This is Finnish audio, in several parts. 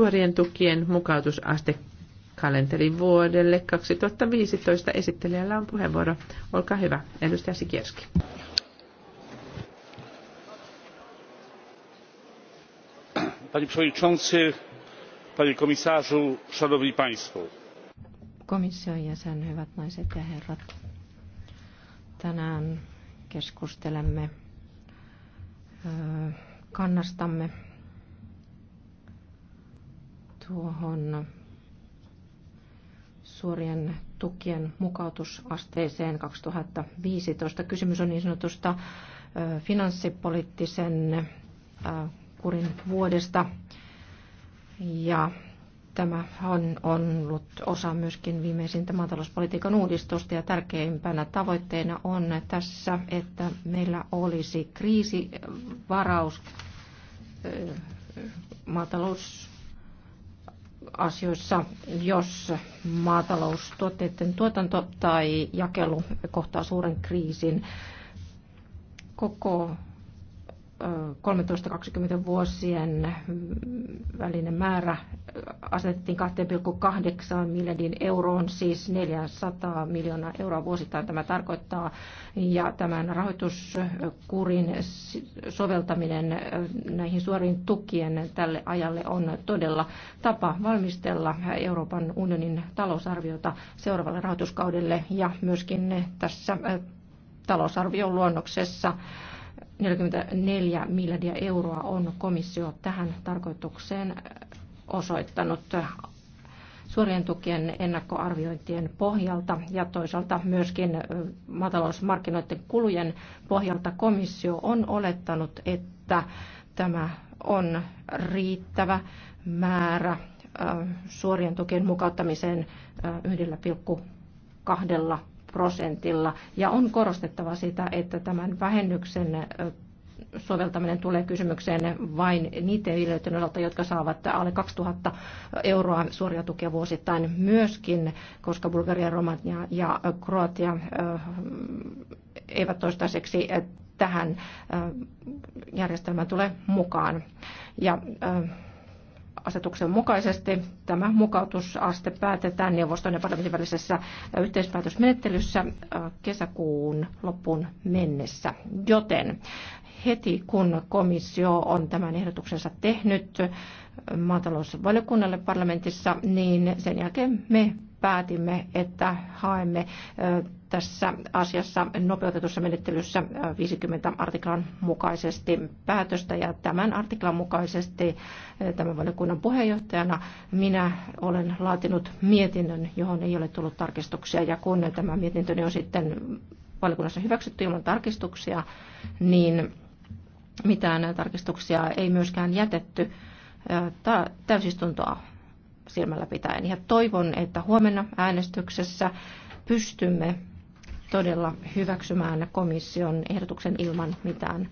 Suorien tukien mukautusaste kalenterin vuodelle 2015. Esittelijällä on puheenvuoro. Olkaa hyvä, edustaja Sikierski. Panie przewodniczący, panie komisarzu, szanowni państwo. Komission jäsen, hyvät naiset ja herrat. Tänään keskustelemme kannastamme tuohon suorien tukien mukautusasteeseen 2015. Kysymys on niin sanotusta finanssipoliittisen kurin vuodesta. Ja tämä on ollut osa myöskin viimeisintä maatalouspolitiikan uudistusta ja tärkeimpänä tavoitteena on tässä, että meillä olisi kriisivaraus maatalous asioissa, jos maataloustuotteiden tuotanto tai jakelu kohtaa suuren kriisin. Koko 13-20 vuosien mm, välinen määrä asetettiin 2,8 miljardin euroon, siis 400 miljoonaa euroa vuosittain tämä tarkoittaa. Ja tämän rahoituskurin soveltaminen näihin suoriin tukien tälle ajalle on todella tapa valmistella Euroopan unionin talousarviota seuraavalle rahoituskaudelle ja myöskin tässä talousarvion luonnoksessa 44 miljardia euroa on komissio tähän tarkoitukseen äh, osoittanut suorien tukien ennakkoarviointien pohjalta ja toisaalta myöskin äh, maatalousmarkkinoiden kulujen pohjalta komissio on olettanut, että tämä on riittävä määrä äh, suorien tukien mukauttamiseen 1,2 prosentilla. Ja on korostettava sitä, että tämän vähennyksen soveltaminen tulee kysymykseen vain niiden viljelijöiden osalta, jotka saavat alle 2000 euroa suoria tukia vuosittain myöskin, koska Bulgaria, Romania ja Kroatia eivät toistaiseksi tähän järjestelmään tule mukaan. Ja asetuksen mukaisesti tämä mukautusaste päätetään neuvoston ja parlamentin välisessä yhteispäätösmenettelyssä äh, kesäkuun loppuun mennessä. Joten heti kun komissio on tämän ehdotuksensa tehnyt, maatalousvaliokunnalle parlamentissa, niin sen jälkeen me päätimme, että haemme tässä asiassa nopeutetussa menettelyssä 50 artiklan mukaisesti päätöstä ja tämän artiklan mukaisesti tämän valiokunnan puheenjohtajana minä olen laatinut mietinnön, johon ei ole tullut tarkistuksia ja kun tämä mietintö on sitten valiokunnassa hyväksytty ilman tarkistuksia, niin mitään tarkistuksia ei myöskään jätetty täysistuntoa silmällä pitäen. Ja toivon, että huomenna äänestyksessä pystymme todella hyväksymään komission ehdotuksen ilman mitään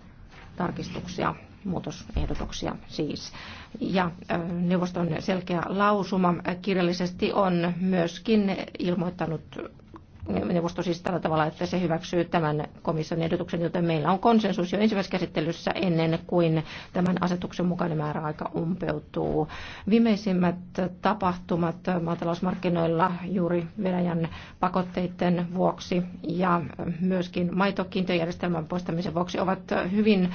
tarkistuksia, muutosehdotuksia siis. Ja neuvoston selkeä lausuma kirjallisesti on myöskin ilmoittanut neuvosto siis tällä tavalla, että se hyväksyy tämän komission ehdotuksen, joten meillä on konsensus jo ensimmäisessä käsittelyssä ennen kuin tämän asetuksen mukainen määräaika umpeutuu. Viimeisimmät tapahtumat maatalousmarkkinoilla juuri Venäjän pakotteiden vuoksi ja myöskin maitokiintojärjestelmän poistamisen vuoksi ovat hyvin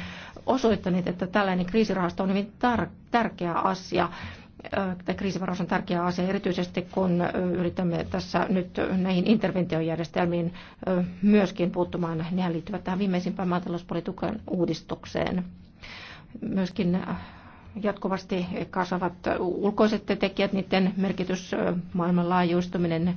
osoittaneet, että tällainen kriisirahasto on hyvin tärkeä asia. Äh, kriisivaraus on tärkeä asia, erityisesti kun äh, yritämme tässä nyt näihin interventiojärjestelmiin äh, myöskin puuttumaan. Nehän liittyvät tähän viimeisimpään maatalouspolitiikan uudistukseen. Myöskin jatkuvasti kasvavat ulkoiset tekijät, niiden merkitys, maailmanlaajuistuminen,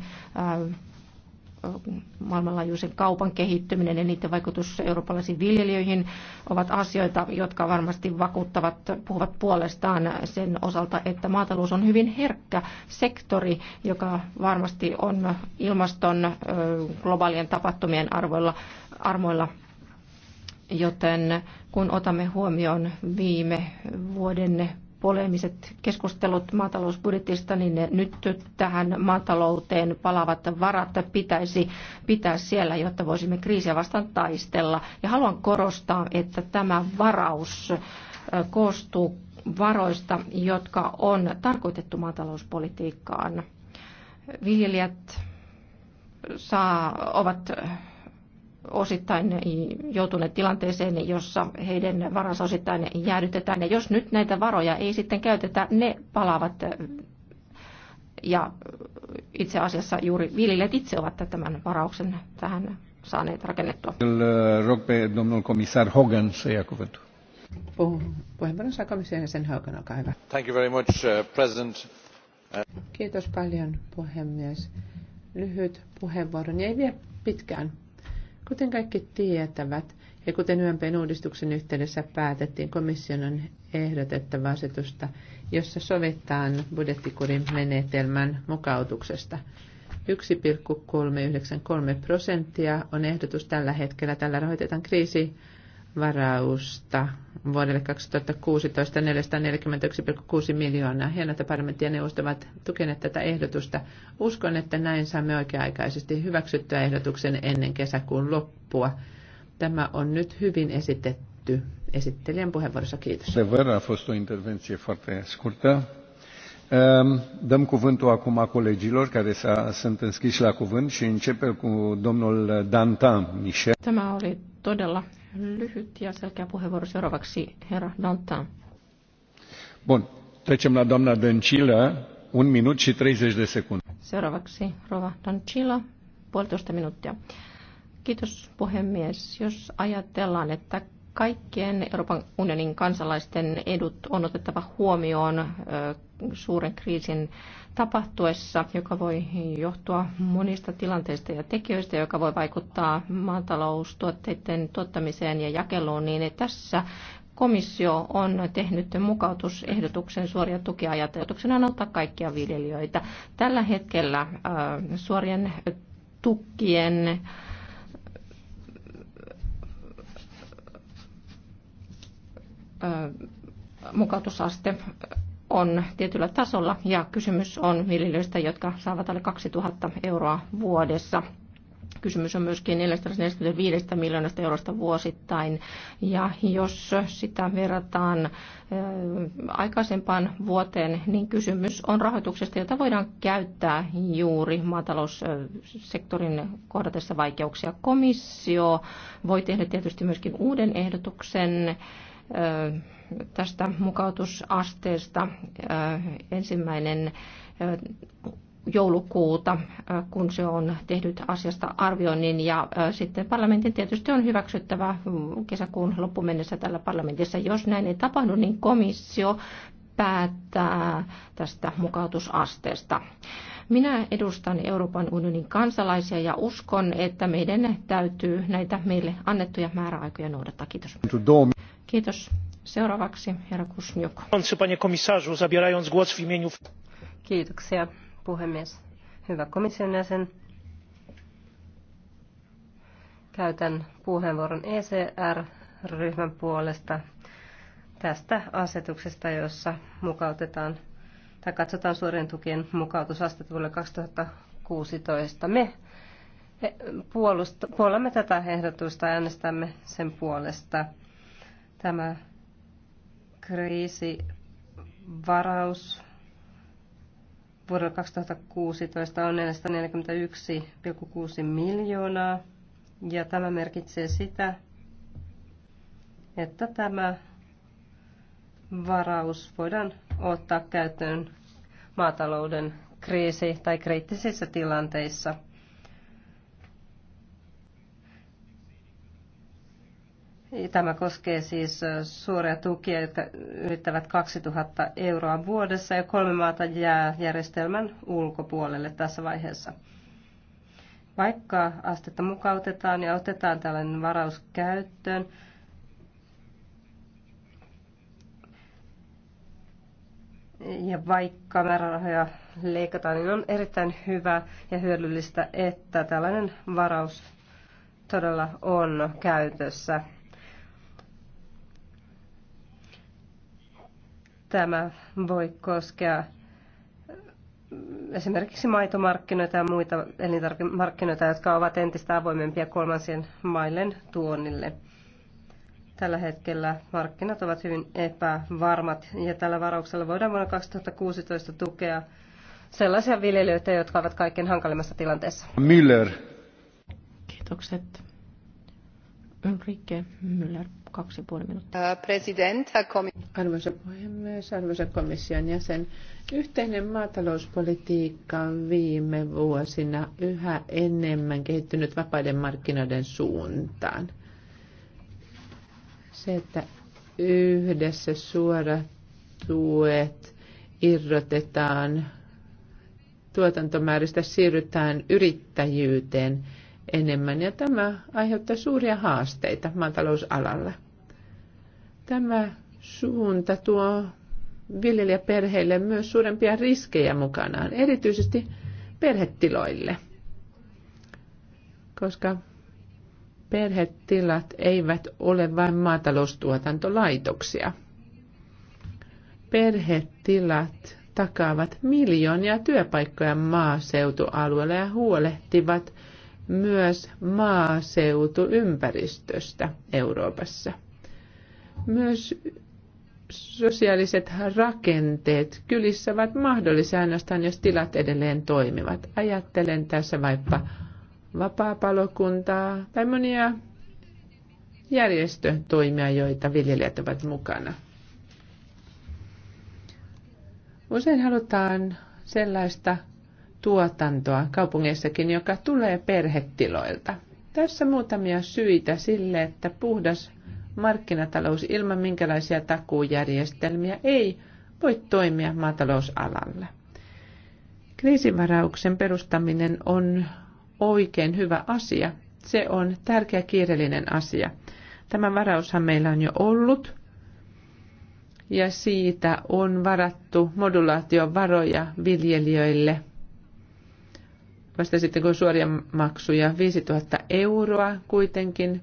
maailmanlaajuisen kaupan kehittyminen ja niiden vaikutus eurooppalaisiin viljelijöihin ovat asioita, jotka varmasti vakuuttavat, puhuvat puolestaan sen osalta, että maatalous on hyvin herkkä sektori, joka varmasti on ilmaston globaalien tapahtumien arvoilla, armoilla joten kun otamme huomioon viime vuoden polemiset keskustelut maatalousbudjetista, niin ne nyt tähän maatalouteen palavat varat pitäisi pitää siellä, jotta voisimme kriisiä vastaan taistella. Ja haluan korostaa, että tämä varaus koostuu varoista, jotka on tarkoitettu maatalouspolitiikkaan. Viljelijät saa, ovat osittain joutuneet tilanteeseen, jossa heidän varansa osittain jäädytetään. Ja jos nyt näitä varoja ei sitten käytetä, ne palaavat ja itse asiassa juuri viljelijät itse ovat tämän varauksen tähän saaneet rakennettua. Puheenvuoron saa komission Hogan, olkaa hyvä. Thank you very much, uh, President. Kiitos paljon, puhemies. Lyhyt puheenvuoro, ei vielä pitkään Kuten kaikki tietävät, ja kuten YMPn uudistuksen yhteydessä päätettiin, komission on ehdotettava asetusta, jossa sovitaan budjettikurin menetelmän mukautuksesta. 1,393 prosenttia on ehdotus tällä hetkellä. Tällä rahoitetaan kriisi varausta vuodelle 2016 441,6 miljoonaa. Hienoa, että parlamentti ja neuvosto ovat tukeneet tätä ehdotusta. Uskon, että näin saamme oikea-aikaisesti hyväksyttyä ehdotuksen ennen kesäkuun loppua. Tämä on nyt hyvin esitetty esittelijän puheenvuorossa. Kiitos. Se verran fost o intervenție foarte scurtă. Ehm, dăm cuvântul acum colegilor care sunt înscriși la cuvânt și începem cu domnul Dantan Michel. Tämä oli todella lyhyt ja selkeä puheenvuoro seuraavaksi herra Dantan. Bun. Trecem la doamna Dancila, un minut și 30 de secunde. Seuraavaksi Rova Dancila, puolitoista minuuttia. Kiitos puhemies. Jos ajatellaan, että Kaikkien Euroopan unionin kansalaisten edut on otettava huomioon suuren kriisin tapahtuessa, joka voi johtua monista tilanteista ja tekijöistä, joka voi vaikuttaa maataloustuotteiden tuottamiseen ja jakeluun, niin tässä komissio on tehnyt mukautusehdotuksen suoria tukia ajatuksena on ottaa kaikkia viljelijöitä. Tällä hetkellä suorien tukien mukautusaste on tietyllä tasolla ja kysymys on viljelijöistä, jotka saavat alle 2000 euroa vuodessa. Kysymys on myöskin 445 miljoonasta eurosta vuosittain. Ja jos sitä verrataan aikaisempaan vuoteen, niin kysymys on rahoituksesta, jota voidaan käyttää juuri maataloussektorin kohdatessa vaikeuksia. Komissio voi tehdä tietysti myöskin uuden ehdotuksen tästä mukautusasteesta ensimmäinen joulukuuta, kun se on tehnyt asiasta arvioinnin. Ja sitten parlamentin tietysti on hyväksyttävä kesäkuun loppuun mennessä tällä parlamentissa. Jos näin ei tapahdu, niin komissio päättää tästä mukautusasteesta. Minä edustan Euroopan unionin kansalaisia ja uskon, että meidän täytyy näitä meille annettuja määräaikoja noudattaa. Kiitos. Kiitos. Seuraavaksi herra Kusniuk. Kiitoksia, puhemies. Hyvä komission jäsen. Käytän puheenvuoron ECR-ryhmän puolesta tästä asetuksesta, jossa mukautetaan tai katsotaan suorien tukien mukautusastetta vuodelle 2016. Me eh, puolust- puolamme tätä ehdotusta ja äänestämme sen puolesta. Tämä kriisivaraus vuodelle 2016 on 441,6 miljoonaa. Ja tämä merkitsee sitä, että tämä varaus voidaan ottaa käyttöön maatalouden kriisi- tai kriittisissä tilanteissa. Tämä koskee siis suoria tukia, jotka ylittävät 2000 euroa vuodessa ja kolme maata jää järjestelmän ulkopuolelle tässä vaiheessa. Vaikka astetta mukautetaan ja otetaan tällainen varaus käyttöön, Ja vaikka määrärahoja leikataan, niin on erittäin hyvä ja hyödyllistä, että tällainen varaus todella on käytössä. Tämä voi koskea esimerkiksi maitomarkkinoita ja muita elintarvikemarkkinoita, jotka ovat entistä avoimempia kolmansien maiden tuonnille. Tällä hetkellä markkinat ovat hyvin epävarmat ja tällä varauksella voidaan vuonna 2016 tukea sellaisia viljelijöitä, jotka ovat kaikkein hankalimmassa tilanteessa. Müller. Kiitokset. Ulrike Müller, kaksi puoli minuuttia. President, arvoisa puhemies, arvoisa komission jäsen. Yhteinen maatalouspolitiikka on viime vuosina yhä enemmän kehittynyt vapaiden markkinoiden suuntaan. Se, että yhdessä suorat tuet irrotetaan tuotantomääristä, siirrytään yrittäjyyteen enemmän ja tämä aiheuttaa suuria haasteita maatalousalalla. Tämä suunta tuo viljelijäperheille myös suurempia riskejä mukanaan, erityisesti perhetiloille, koska perhetilat eivät ole vain maataloustuotantolaitoksia. Perhetilat takaavat miljoonia työpaikkoja maaseutualueella ja huolehtivat myös maaseutuympäristöstä Euroopassa. Myös sosiaaliset rakenteet kylissä ovat mahdollisia ainoastaan, jos tilat edelleen toimivat. Ajattelen tässä vaikka vapaa-palokuntaa tai monia järjestötoimia, joita viljelijät ovat mukana. Usein halutaan sellaista tuotantoa kaupungeissakin, joka tulee perhetiloilta. Tässä muutamia syitä sille, että puhdas markkinatalous ilman minkälaisia takuujärjestelmiä ei voi toimia maatalousalalla. Kriisivarauksen perustaminen on oikein hyvä asia. Se on tärkeä kiireellinen asia. Tämä varaushan meillä on jo ollut ja siitä on varattu modulaatiovaroja viljelijöille vasta sitten kun suoria maksuja 5000 euroa kuitenkin.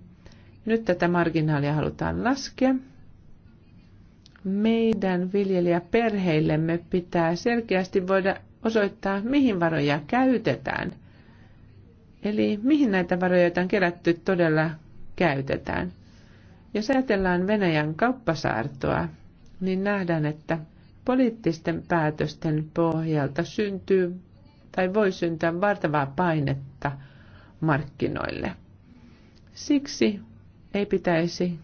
Nyt tätä marginaalia halutaan laskea. Meidän viljelijäperheillemme pitää selkeästi voida osoittaa, mihin varoja käytetään – Eli mihin näitä varoja, joita on kerätty, todella käytetään? Jos ajatellaan Venäjän kauppasaartoa, niin nähdään, että poliittisten päätösten pohjalta syntyy tai voi syntyä vartavaa painetta markkinoille. Siksi ei pitäisi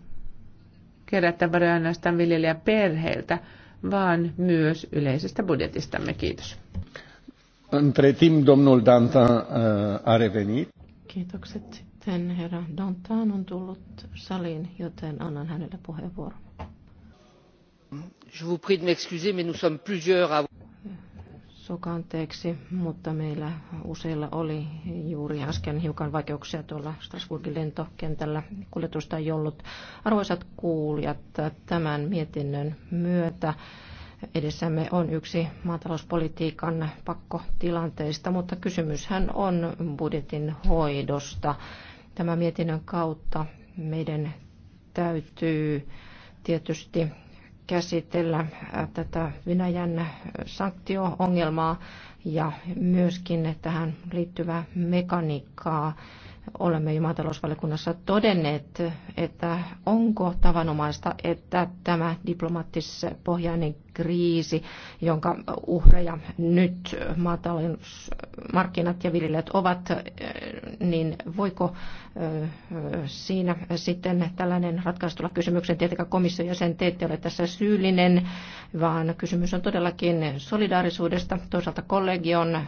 kerätä varoja ainoastaan viljelijäperheiltä, vaan myös yleisestä budjetistamme. Kiitos. Între timp, domnul Dantan uh, a revenit. Kiitokset sitten. Herra Dantan on tullut saliin, joten annan hänelle puheenvuoron. Je vous prie de m'excuser, mais nous sommes plusieurs à... Sokanteeksi, mutta meillä useilla oli juuri äsken hiukan vaikeuksia tuolla Strasbourgin lentokentällä. Kuljetusta ei ollut. Arvoisat kuulijat, tämän mietinnön myötä Edessämme on yksi maatalouspolitiikan pakkotilanteista, mutta kysymyshän on budjetin hoidosta. Tämän mietinnön kautta meidän täytyy tietysti käsitellä äh, tätä Venäjän sanktio-ongelmaa ja myöskin tähän liittyvää mekaniikkaa olemme jo maatalousvaliokunnassa todenneet, että onko tavanomaista, että tämä diplomaattispohjainen kriisi, jonka uhreja nyt maatalousmarkkinat ja viljelijät ovat, niin voiko siinä sitten tällainen ratkaistulla kysymyksen, tietenkään komission jäsen te ette ole tässä syyllinen, vaan kysymys on todellakin solidaarisuudesta, toisaalta kollegion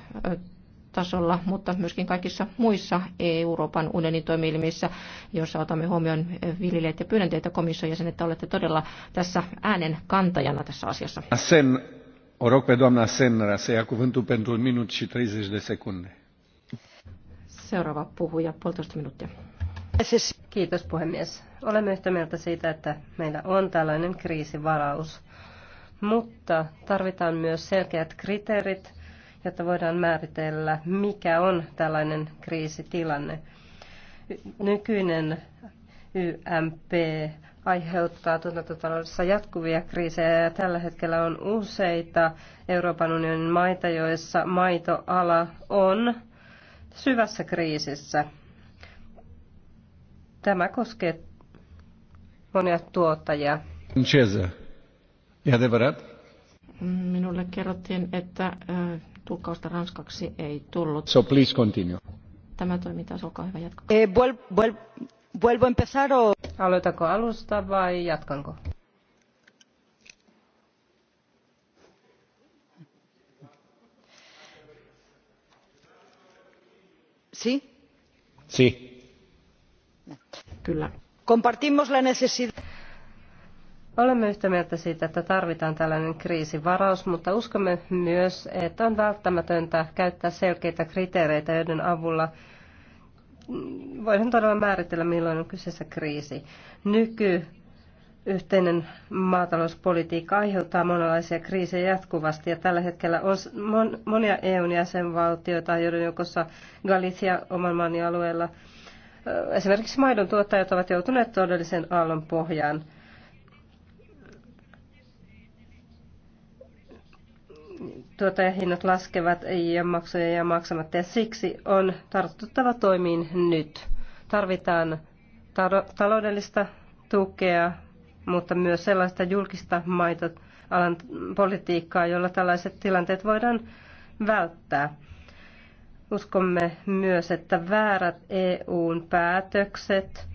tasolla, mutta myöskin kaikissa muissa Euroopan unionin toimielimissä, joissa otamme huomioon viljelijät ja pyydän teitä komission jäsen, että olette todella tässä äänen kantajana tässä asiassa. Sen, o rog pe doamna Senra să ia cuvântul pentru minut și 30 de secunde. Seuraava puhuja, puolitoista minuuttia. Kiitos puhemies. Olemme yhtä mieltä siitä, että meillä on tällainen kriisivaraus, mutta tarvitaan myös selkeät kriteerit – jotta voidaan määritellä, mikä on tällainen kriisitilanne. Nykyinen YMP aiheuttaa tuotantotaloudessa jatkuvia kriisejä ja tällä hetkellä on useita Euroopan unionin maita, joissa maitoala on syvässä kriisissä. Tämä koskee monia tuottajia. E Minulle kerrottiin, että Tulkkausta ranskaksi ei tullut. So please continue. Tämä toimii taas, olkaa hyvä, jatkakaa. Eh, vuel, vuel, vuelvo empezar o... Aloitako alusta vai jatkanko? Sí. Sí. Kyllä. Compartimos la necesidad Olemme yhtä mieltä siitä, että tarvitaan tällainen kriisivaraus, mutta uskomme myös, että on välttämätöntä käyttää selkeitä kriteereitä, joiden avulla voidaan todella määritellä, milloin on kyseessä kriisi. Nyky yhteinen maatalouspolitiikka aiheuttaa monenlaisia kriisejä jatkuvasti ja tällä hetkellä on monia EUn jäsenvaltioita, joiden joukossa Galicia oman maani alueella. Esimerkiksi maidon tuottajat ovat joutuneet todellisen aallon pohjaan. tuottajahinnat laskevat ja maksuja ja maksamatta ja siksi on tartuttava toimiin nyt. Tarvitaan taloudellista tukea, mutta myös sellaista julkista maitoalan politiikkaa, jolla tällaiset tilanteet voidaan välttää. Uskomme myös, että väärät EUn päätökset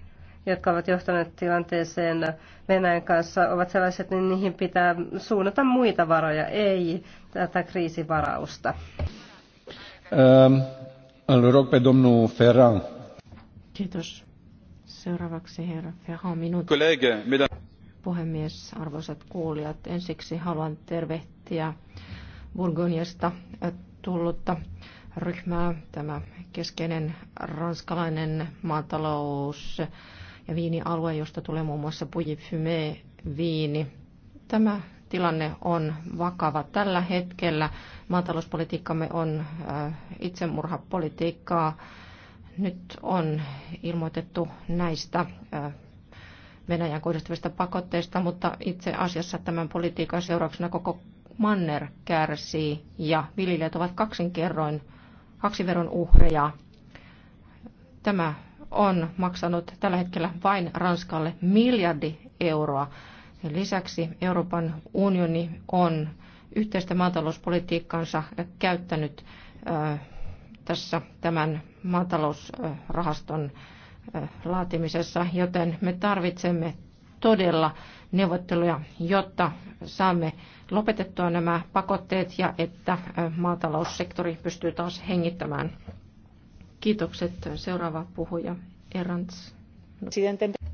jotka ovat johtaneet tilanteeseen Venäjän kanssa, ovat sellaiset, niin niihin pitää suunnata muita varoja, ei tätä kriisivarausta. Ähm, Ferran. Kiitos. Seuraavaksi herra Ferran, minuutti. Kollege, medan... Puhemies, arvoisat kuulijat, ensiksi haluan tervehtiä Burgundiasta tullutta ryhmää, tämä keskeinen ranskalainen maatalous ja viinialue, josta tulee muun muassa Pujifume viini. Tämä tilanne on vakava tällä hetkellä. Maatalouspolitiikkamme on äh, itsemurhapolitiikkaa. Nyt on ilmoitettu näistä äh, Venäjän kohdistuvista pakotteista, mutta itse asiassa tämän politiikan seurauksena koko manner kärsii ja viljelijät ovat kaksinkerroin, kaksiveron kaksi uhreja. Tämä on maksanut tällä hetkellä vain Ranskalle miljardi euroa. Ja lisäksi Euroopan unioni on yhteistä maatalouspolitiikkaansa käyttänyt tässä tämän maatalousrahaston laatimisessa, joten me tarvitsemme todella neuvotteluja, jotta saamme lopetettua nämä pakotteet ja että maataloussektori pystyy taas hengittämään. Kiitokset. Seuraava puhuja, Erants.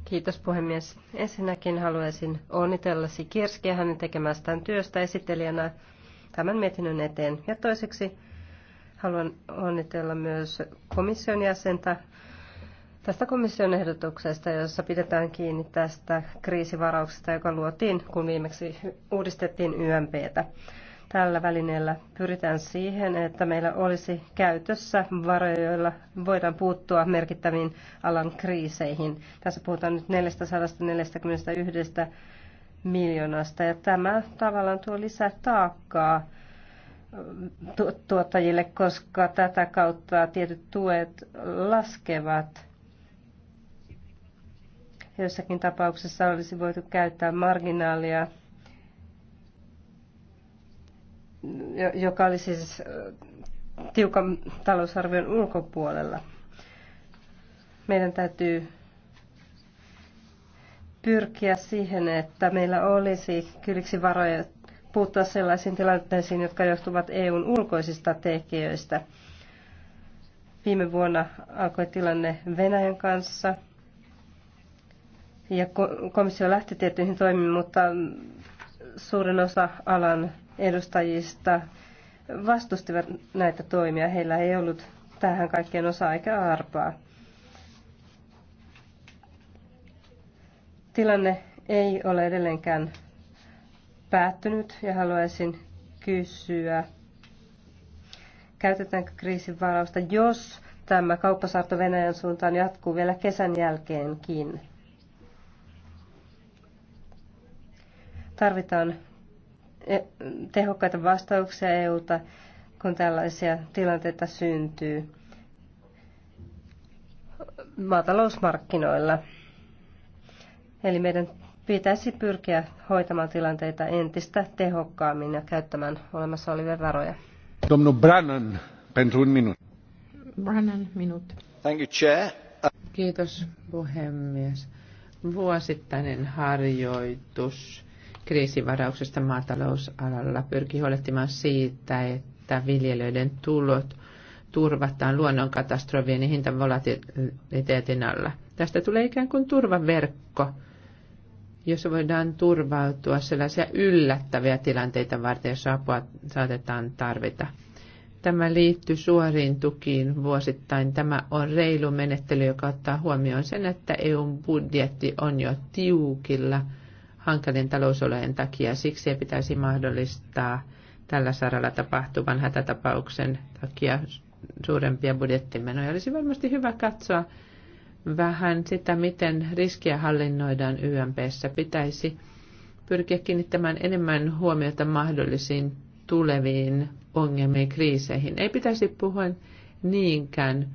Kiitos puhemies. Ensinnäkin haluaisin onnitella Sikirskiä hänen tekemästään työstä esittelijänä tämän mietinnön eteen. Ja toiseksi haluan onnitella myös komission jäsentä tästä komission ehdotuksesta, jossa pidetään kiinni tästä kriisivarauksesta, joka luotiin, kun viimeksi uudistettiin YMPtä. Tällä välineellä pyritään siihen, että meillä olisi käytössä varoja, joilla voidaan puuttua merkittäviin alan kriiseihin. Tässä puhutaan nyt 441 miljoonasta ja tämä tavallaan tuo lisää taakkaa äh, tuottajille, koska tätä kautta tietyt tuet laskevat. Jossakin tapauksessa olisi voitu käyttää marginaalia joka oli siis tiukan talousarvion ulkopuolella. Meidän täytyy pyrkiä siihen, että meillä olisi kylliksi varoja puuttua sellaisiin tilanteisiin, jotka johtuvat EUn ulkoisista tekijöistä. Viime vuonna alkoi tilanne Venäjän kanssa ja komissio lähti tiettyihin toimiin, mutta suurin osa alan edustajista vastustivat näitä toimia. Heillä ei ollut tähän kaikkien osa eikä arpaa. Tilanne ei ole edelleenkään päättynyt ja haluaisin kysyä, käytetäänkö kriisin varausta, jos tämä kauppasaarto Venäjän suuntaan jatkuu vielä kesän jälkeenkin. Tarvitaan E, tehokkaita vastauksia EUta, kun tällaisia tilanteita syntyy maatalousmarkkinoilla. Eli meidän pitäisi pyrkiä hoitamaan tilanteita entistä tehokkaammin ja käyttämään olemassa olevia varoja. Domnu Brannan, pentru minut. Brannan, minut. Thank you, chair. Kiitos, puhemies. Vuosittainen harjoitus kriisivarauksesta maatalousalalla pyrkii huolehtimaan siitä, että viljelijöiden tulot turvataan luonnonkatastrofien ja hintavolatiliteetin alla. Tästä tulee ikään kuin turvaverkko, jossa voidaan turvautua sellaisia yllättäviä tilanteita varten, jos apua saatetaan tarvita. Tämä liittyy suoriin tukiin vuosittain. Tämä on reilu menettely, joka ottaa huomioon sen, että EUn budjetti on jo tiukilla – hankalien talousolojen takia. Siksi ei pitäisi mahdollistaa tällä saralla tapahtuvan hätätapauksen takia suurempia budjettimenoja. Olisi varmasti hyvä katsoa vähän sitä, miten riskiä hallinnoidaan YMPssä. Pitäisi pyrkiä kiinnittämään enemmän huomiota mahdollisiin tuleviin ongelmiin, kriiseihin. Ei pitäisi puhua niinkään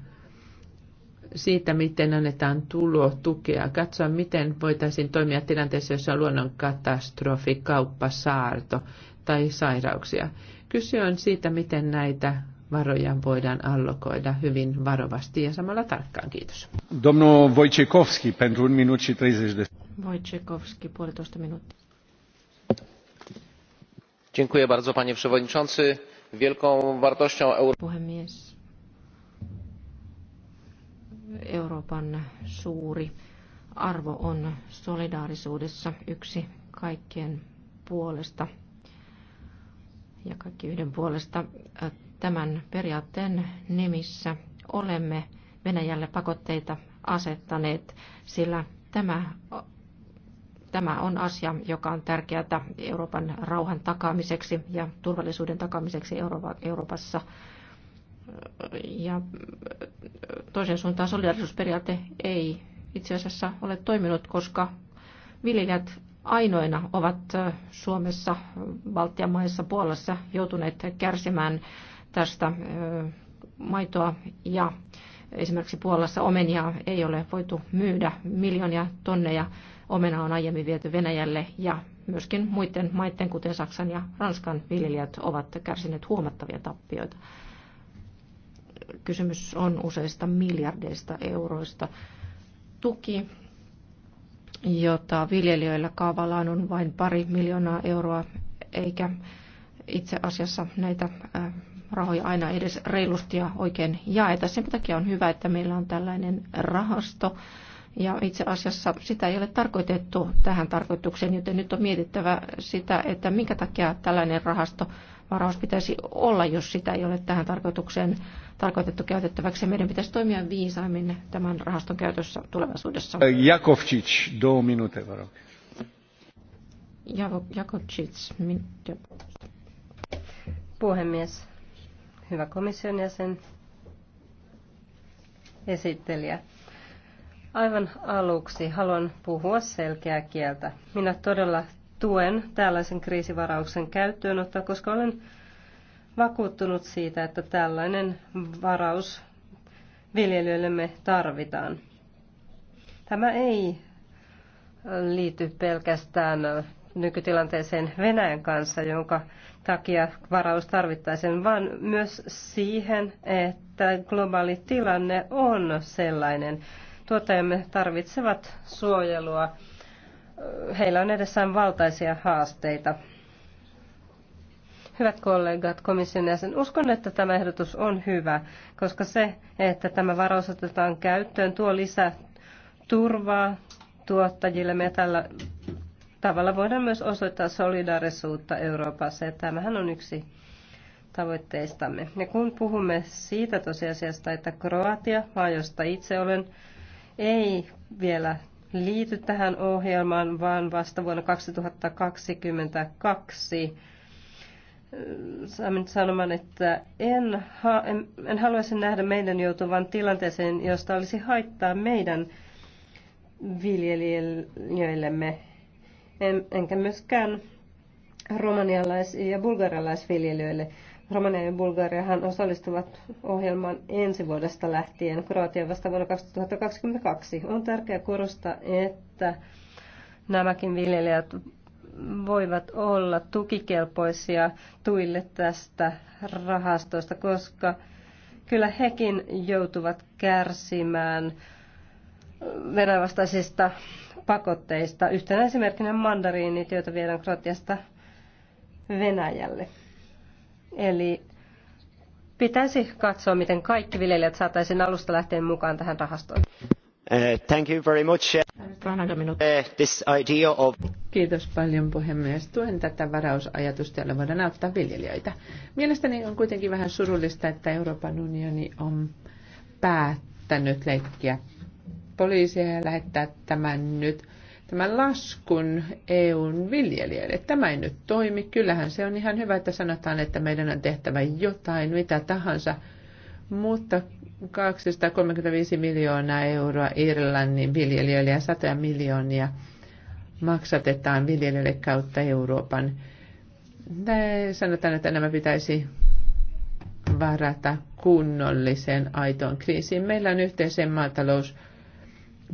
siitä, miten annetaan tulo-tukea, katsoa, miten voitaisiin toimia tilanteessa, jossa on luonnonkatastrofi, kauppa, saarto tai sairauksia. Kysy on siitä, miten näitä varoja voidaan allokoida hyvin varovasti ja samalla tarkkaan. Kiitos. Domno Wojciechowski, pentru un minut și 30 de... Wojciechowski, puolitoista minuuttia. Dziękuję bardzo, panie przewodniczący. Wielką wartością... Puhemies, Euroopan suuri arvo on solidaarisuudessa yksi kaikkien puolesta ja kaikki yhden puolesta. Tämän periaatteen nimissä olemme Venäjälle pakotteita asettaneet, sillä tämä, tämä on asia, joka on tärkeää Euroopan rauhan takaamiseksi ja turvallisuuden takaamiseksi Euroopassa ja toisen suuntaan solidarisuusperiaate ei itse asiassa ole toiminut, koska viljelijät ainoina ovat Suomessa, Baltian maissa, Puolassa joutuneet kärsimään tästä maitoa ja esimerkiksi Puolassa omenia ei ole voitu myydä miljoonia tonneja. Omena on aiemmin viety Venäjälle ja myöskin muiden maiden, kuten Saksan ja Ranskan viljelijät, ovat kärsineet huomattavia tappioita kysymys on useista miljardeista euroista tuki, jota viljelijöillä kaavallaan on vain pari miljoonaa euroa, eikä itse asiassa näitä rahoja aina edes reilusti ja oikein jaeta. Sen takia on hyvä, että meillä on tällainen rahasto, ja itse asiassa sitä ei ole tarkoitettu tähän tarkoitukseen, joten nyt on mietittävä sitä, että minkä takia tällainen rahasto varaus pitäisi olla, jos sitä ei ole tähän tarkoitukseen tarkoitettu käytettäväksi. Meidän pitäisi toimia viisaammin tämän rahaston käytössä tulevaisuudessa. Jakovčić, do minute Jakovčić, minuutti. Puhemies, hyvä komission jäsen, esittelijä. Aivan aluksi haluan puhua selkeää kieltä. Minä todella tuen tällaisen kriisivarauksen käyttöönottoa, koska olen vakuuttunut siitä, että tällainen varaus viljelijöillemme tarvitaan. Tämä ei liity pelkästään nykytilanteeseen Venäjän kanssa, jonka takia varaus tarvittaisiin, vaan myös siihen, että globaali tilanne on sellainen. Tuottajamme tarvitsevat suojelua heillä on edessään valtaisia haasteita. Hyvät kollegat, komission jäsen, uskon, että tämä ehdotus on hyvä, koska se, että tämä varaus otetaan käyttöön, tuo lisää turvaa tuottajille. Me tällä tavalla voidaan myös osoittaa solidaarisuutta Euroopassa, ja tämähän on yksi tavoitteistamme. Ja kun puhumme siitä tosiasiasta, että Kroatia, maa josta itse olen, ei vielä liity tähän ohjelmaan, vaan vasta vuonna 2022. Saamme nyt sanomaan, että en, ha- en, en haluaisi nähdä meidän joutuvan tilanteeseen, josta olisi haittaa meidän viljelijöillemme, en, enkä myöskään romanialais- ja bulgarialaisviljelijöille. Romania ja Bulgariahan osallistuvat ohjelman ensi vuodesta lähtien, Kroatia vasta vuonna 2022. On tärkeää korostaa, että nämäkin viljelijät voivat olla tukikelpoisia tuille tästä rahastosta, koska kyllä hekin joutuvat kärsimään venävastaisista pakotteista. Yhtenä esimerkkinä mandariinit, joita viedään Kroatiasta Venäjälle. Eli pitäisi katsoa, miten kaikki viljelijät saataisiin alusta lähtien mukaan tähän rahastoon. Eh, thank you very much. Eh, this idea of... Kiitos paljon puhemies. Tuen tätä varausajatusta, jolla voidaan auttaa viljelijöitä. Mielestäni on kuitenkin vähän surullista, että Euroopan unioni on päättänyt leikkiä poliisia ja lähettää tämän nyt tämän laskun EUn viljelijöille. Tämä ei nyt toimi. Kyllähän se on ihan hyvä, että sanotaan, että meidän on tehtävä jotain, mitä tahansa. Mutta 235 miljoonaa euroa Irlannin viljelijöille ja 100 miljoonia maksatetaan viljelijöille kautta Euroopan. Sanotaan, että nämä pitäisi varata kunnolliseen aitoon kriisiin. Meillä on yhteisen maatalous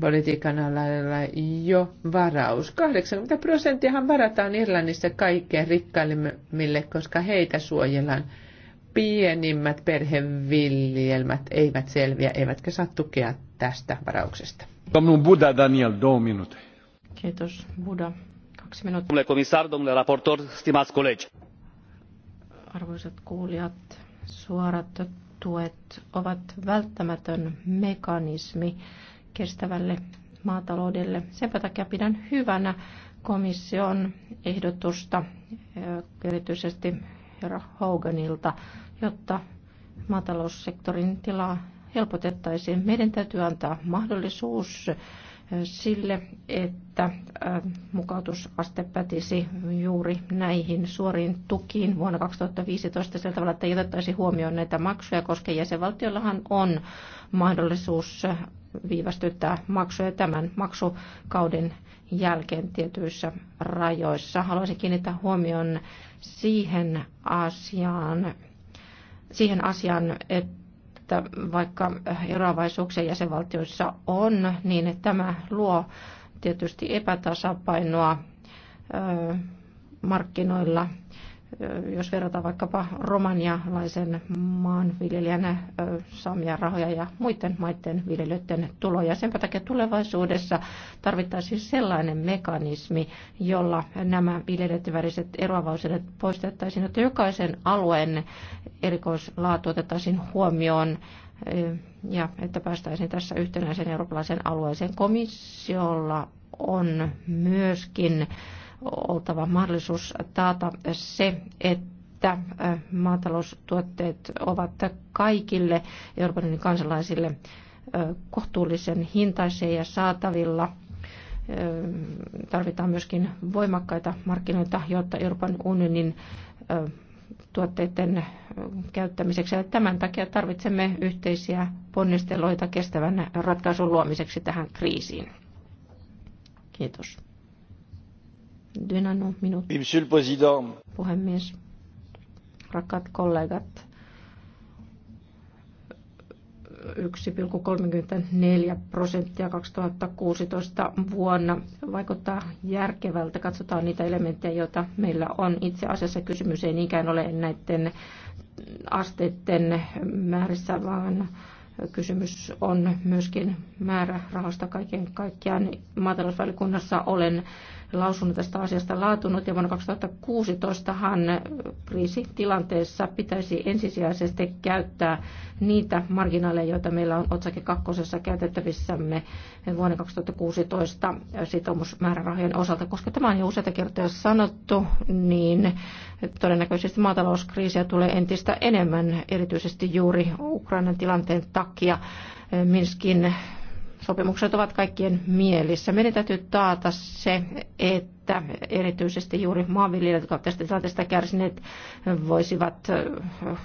politiikan alalla jo varaus. 80 prosenttia varataan Irlannissa kaikkein rikkaimmille, koska heitä suojellaan. Pienimmät perheviljelmät eivät selviä, eivätkä saa tukea tästä varauksesta. Buda Daniel, Kiitos, Buda. Kaksi minuuttia. raportor, Arvoisat kuulijat, suorat tuet ovat välttämätön mekanismi, kestävälle maataloudelle. Senpä takia pidän hyvänä komission ehdotusta erityisesti herra Hoganilta, jotta maataloussektorin tilaa helpotettaisiin. Meidän täytyy antaa mahdollisuus sille, että mukautusaste pätisi juuri näihin suoriin tukiin vuonna 2015 sillä tavalla, että ei otettaisi huomioon näitä maksuja, koska jäsenvaltiollahan on mahdollisuus viivästyttää maksuja tämän maksukauden jälkeen tietyissä rajoissa. Haluaisin kiinnittää huomion siihen asiaan, siihen asiaan että että vaikka eroavaisuuksia jäsenvaltioissa on, niin tämä luo tietysti epätasapainoa markkinoilla – jos verrataan vaikkapa romanialaisen maanviljelijän saamia rahoja ja muiden maiden viljelijöiden tuloja. Sen takia tulevaisuudessa tarvittaisiin sellainen mekanismi, jolla nämä viljelijät väliset eroavaisuudet poistettaisiin, että jokaisen alueen erikoislaatu otettaisiin huomioon ja että päästäisiin tässä yhtenäiseen eurooppalaisen alueeseen. Komissiolla on myöskin oltava mahdollisuus taata se, että että äh, maataloustuotteet ovat kaikille Euroopan unionin kansalaisille äh, kohtuullisen hintaisia ja saatavilla. Äh, tarvitaan myöskin voimakkaita markkinoita, jotta Euroopan unionin tuotteiden käyttämiseksi. tämän takia tarvitsemme yhteisiä ponnisteluita kestävän ratkaisun luomiseksi tähän kriisiin. Kiitos. Dynano, minuutti. Monsieur le Président. Puhemies, rakkaat kollegat. 1,34 prosenttia 2016 vuonna. Vaikuttaa järkevältä. Katsotaan niitä elementtejä, joita meillä on. Itse asiassa kysymys ei niinkään ole näiden asteiden määrissä, vaan kysymys on myöskin määrärahasta kaiken kaikkiaan. Maatalousvalikunnassa olen lausunut tästä asiasta laatunut ja vuonna 2016han kriisitilanteessa pitäisi ensisijaisesti käyttää niitä marginaaleja, joita meillä on otsake kakkosessa käytettävissämme vuonna 2016 sitoumusmäärärahojen osalta, koska tämä on jo useita kertoja sanottu, niin todennäköisesti maatalouskriisiä tulee entistä enemmän, erityisesti juuri Ukrainan tilanteen takia. Minskin sopimukset ovat kaikkien mielissä. Meidän täytyy taata se, että erityisesti juuri maanviljelijät, jotka ovat tästä tilanteesta kärsineet, voisivat äh,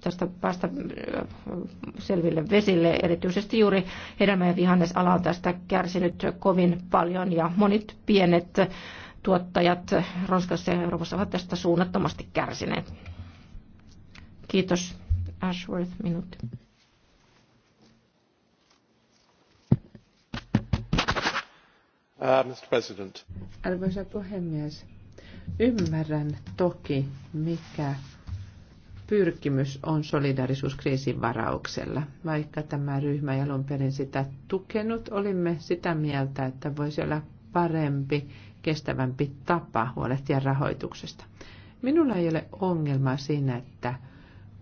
tästä päästä äh, selville vesille. Erityisesti juuri hedelmä- ja vihannesala on tästä kärsinyt kovin paljon ja monet pienet tuottajat Ranskassa ja Euroopassa ovat tästä suunnattomasti kärsineet. Kiitos. Ashworth, minuutti. Uh, Arvoisa puhemies, ymmärrän toki, mikä pyrkimys on solidarisuuskriisin varauksella. Vaikka tämä ryhmä ei alun perin sitä tukenut, olimme sitä mieltä, että voisi olla parempi, kestävämpi tapa huolehtia rahoituksesta. Minulla ei ole ongelmaa siinä, että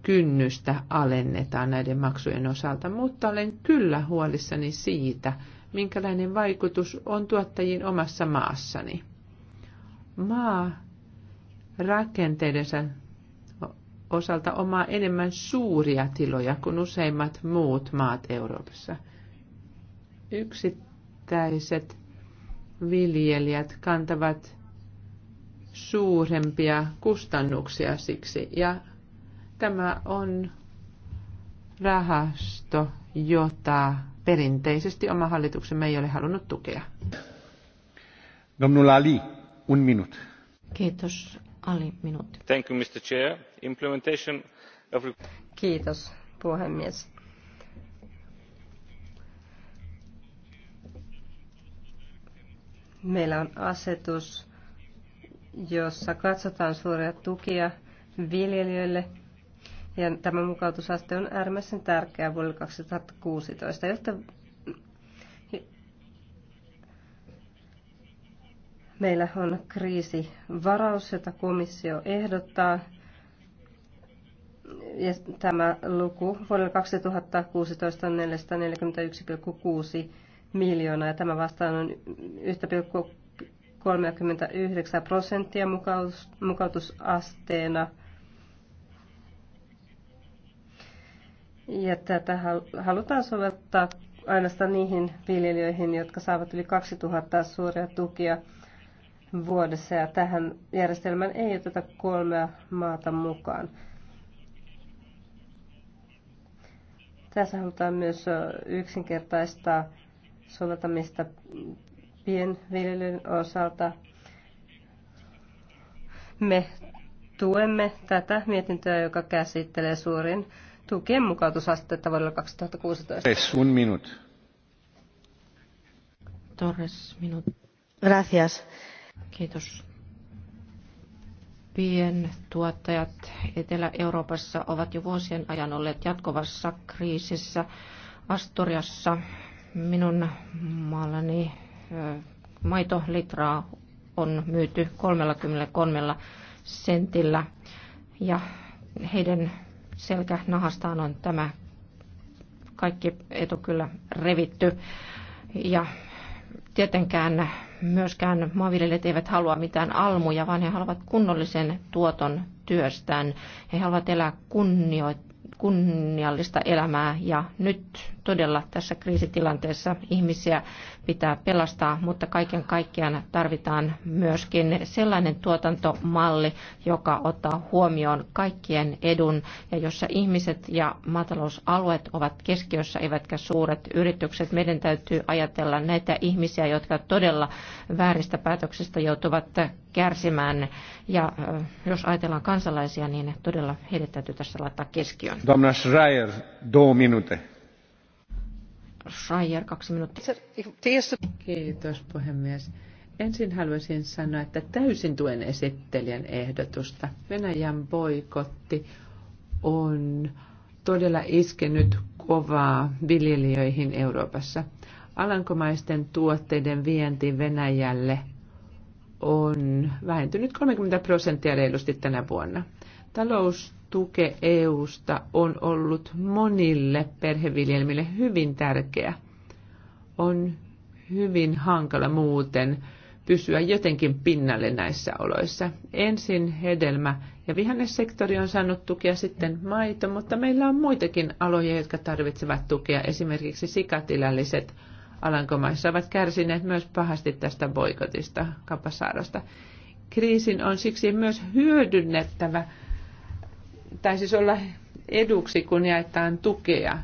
kynnystä alennetaan näiden maksujen osalta, mutta olen kyllä huolissani siitä, minkälainen vaikutus on tuottajiin omassa maassani. Maa rakenteidensa osalta omaa enemmän suuria tiloja kuin useimmat muut maat Euroopassa. Yksittäiset viljelijät kantavat suurempia kustannuksia siksi ja tämä on rahasto, jota perinteisesti oma hallituksemme ei ole halunnut tukea. Domnul Ali, un minut. Kiitos. Ali, minuutti. Thank you, Mr. Chair. Implementation of... Kiitos, puhemies. Meillä on asetus, jossa katsotaan suoria tukia viljelijöille ja tämä mukautusaste on äärimmäisen tärkeä vuodelle 2016, jotta meillä on kriisivaraus, jota komissio ehdottaa. Ja tämä luku vuodelle 2016 on 441,6 miljoonaa ja tämä vastaan on 1,39 prosenttia mukautusasteena – Ja tätä halutaan soveltaa ainoastaan niihin viljelijöihin, jotka saavat yli 2000 suoria tukia vuodessa. Ja tähän järjestelmään ei oteta kolmea maata mukaan. Tässä halutaan myös yksinkertaistaa soveltamista pienviljelyn osalta. Me tuemme tätä mietintöä, joka käsittelee suurin tukien mukautusastetta vuodelle 2016. un minut. Torres, minut. Gracias. Kiitos. Pientuottajat Etelä-Euroopassa ovat jo vuosien ajan olleet jatkuvassa kriisissä. Astoriassa minun maallani maitolitraa on myyty 33 sentillä ja heidän selkä nahastaan on tämä kaikki etu kyllä revitty. Ja tietenkään myöskään maanviljelijät eivät halua mitään almuja, vaan he haluavat kunnollisen tuoton työstään. He haluavat elää kunnioittaa kunniallista elämää ja nyt todella tässä kriisitilanteessa ihmisiä pitää pelastaa, mutta kaiken kaikkiaan tarvitaan myöskin sellainen tuotantomalli, joka ottaa huomioon kaikkien edun ja jossa ihmiset ja maatalousalueet ovat keskiössä, eivätkä suuret yritykset. Meidän täytyy ajatella näitä ihmisiä, jotka todella vääristä päätöksistä joutuvat kärsimään. Ja jos ajatellaan kansalaisia, niin todella heidät täytyy tässä laittaa keskiöön. Domna Schreier, do Schreier, kaksi minuuttia. Kiitos puhemies. Ensin haluaisin sanoa, että täysin tuen esittelijän ehdotusta. Venäjän boikotti on todella iskenyt kovaa viljelijöihin Euroopassa. Alankomaisten tuotteiden vienti Venäjälle on vähentynyt 30 prosenttia reilusti tänä vuonna. Talous tuke EUsta on ollut monille perheviljelmille hyvin tärkeä. On hyvin hankala muuten pysyä jotenkin pinnalle näissä oloissa. Ensin hedelmä ja vihannessektori on saanut tukea sitten maito, mutta meillä on muitakin aloja, jotka tarvitsevat tukea. Esimerkiksi sikatilalliset Alankomaissa ovat kärsineet myös pahasti tästä boikotista, kapasaarasta. Kriisin on siksi myös hyödynnettävä tai siis olla eduksi, kun jaetaan tukea,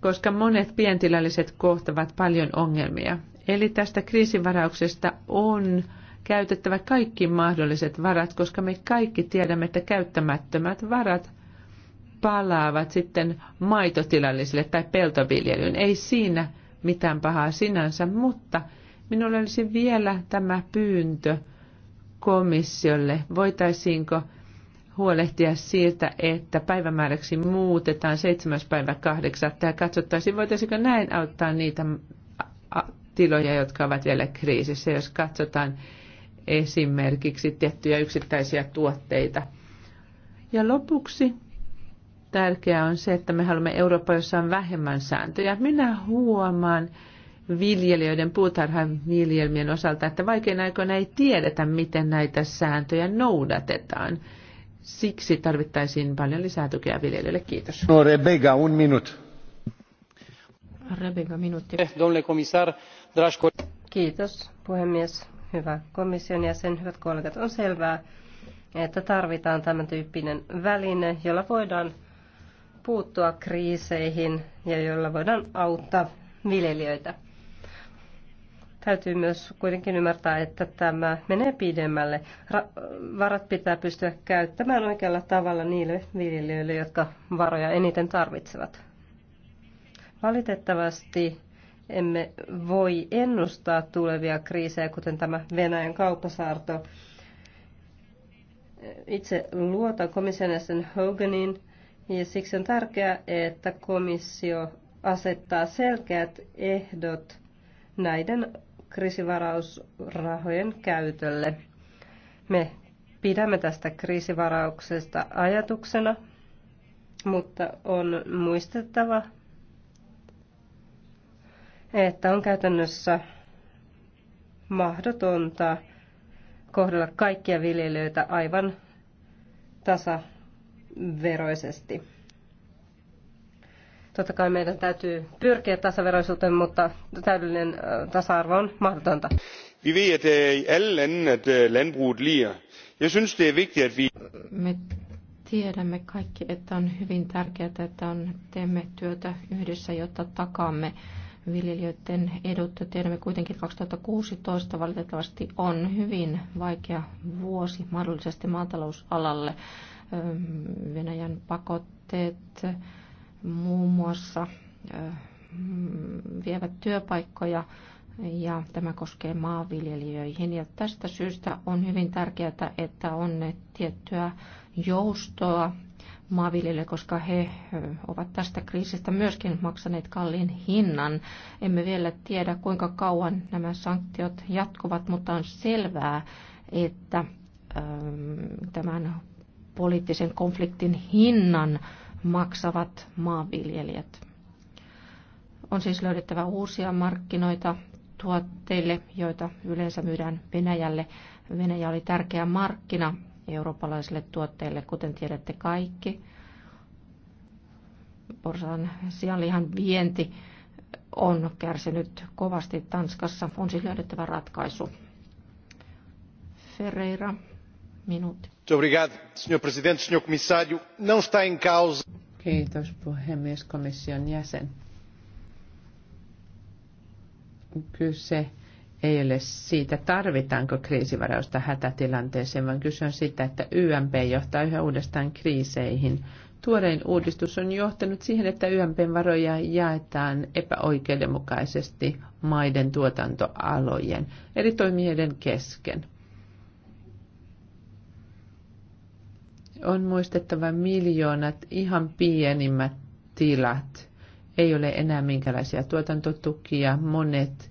koska monet pientilälliset kohtavat paljon ongelmia. Eli tästä kriisivarauksesta on käytettävä kaikki mahdolliset varat, koska me kaikki tiedämme, että käyttämättömät varat palaavat sitten maitotilallisille tai peltoviljelyyn. Ei siinä mitään pahaa sinänsä, mutta minulla olisi vielä tämä pyyntö komissiolle. Voitaisiinko huolehtia siitä, että päivämääräksi muutetaan 7. päivä 8. ja katsottaisiin, voitaisiinko näin auttaa niitä tiloja, jotka ovat vielä kriisissä, jos katsotaan esimerkiksi tiettyjä yksittäisiä tuotteita. Ja lopuksi tärkeää on se, että me haluamme Eurooppa, jossa on vähemmän sääntöjä. Minä huomaan viljelijöiden, puutarhan viljelmien osalta, että vaikeina aikoina ei tiedetä, miten näitä sääntöjä noudatetaan – Siksi tarvittaisiin paljon lisää tukea viljelijöille. Kiitos. No, Rebecca, un minut. Rebecca, minuutti. Eh, domnule komissar, dragi Kiitos, puhemies. Hyvä komission jäsen, hyvät kollegat. On selvää, että tarvitaan tämän tyyppinen väline, jolla voidaan puuttua kriiseihin ja jolla voidaan auttaa viljelijöitä. Täytyy myös kuitenkin ymmärtää, että tämä menee pidemmälle. varat pitää pystyä käyttämään oikealla tavalla niille viljelijöille, jotka varoja eniten tarvitsevat. Valitettavasti emme voi ennustaa tulevia kriisejä, kuten tämä Venäjän kauppasaarto. Itse luotan komission jäsen Hoganin ja siksi on tärkeää, että komissio asettaa selkeät ehdot näiden kriisivarausrahojen käytölle. Me pidämme tästä kriisivarauksesta ajatuksena, mutta on muistettava, että on käytännössä mahdotonta kohdella kaikkia viljelijöitä aivan tasaveroisesti. Totta kai meidän täytyy pyrkiä tasaveroisuuteen, mutta täydellinen tasa-arvo on mahdotonta. Vi ved, at øh, i alle lande, at øh, landbruget Jeg synes, det er vigtigt, at vi... Me tiedämme kaikki, että on hyvin tärkeää, että on, teemme työtä yhdessä, jotta takaamme viljelijöiden edut. Tiedämme kuitenkin, että 2016 valitettavasti on hyvin vaikea vuosi mahdollisesti maatalousalalle. Venäjän pakotteet, muun muassa mm, vievät työpaikkoja ja tämä koskee maanviljelijöihin. Ja tästä syystä on hyvin tärkeää, että on tiettyä joustoa maanviljelijöille, koska he ovat tästä kriisistä myöskin maksaneet kalliin hinnan. Emme vielä tiedä, kuinka kauan nämä sanktiot jatkuvat, mutta on selvää, että tämän poliittisen konfliktin hinnan maksavat maanviljelijät. On siis löydettävä uusia markkinoita tuotteille, joita yleensä myydään Venäjälle. Venäjä oli tärkeä markkina eurooppalaisille tuotteille, kuten tiedätte kaikki. Porsan sianlihan vienti on kärsinyt kovasti Tanskassa. On siis löydettävä ratkaisu. Ferreira Minuutti. Kiitos puhemies komission jäsen. Kyse ei ole siitä, tarvitaanko kriisivarausta hätätilanteeseen, vaan kyse on siitä, että YMP johtaa yhä uudestaan kriiseihin. Tuorein uudistus on johtanut siihen, että YMPn varoja jaetaan epäoikeudenmukaisesti maiden tuotantoalojen eri toimijoiden kesken. On muistettava miljoonat ihan pienimmät tilat. Ei ole enää minkälaisia tuotantotukia. Monet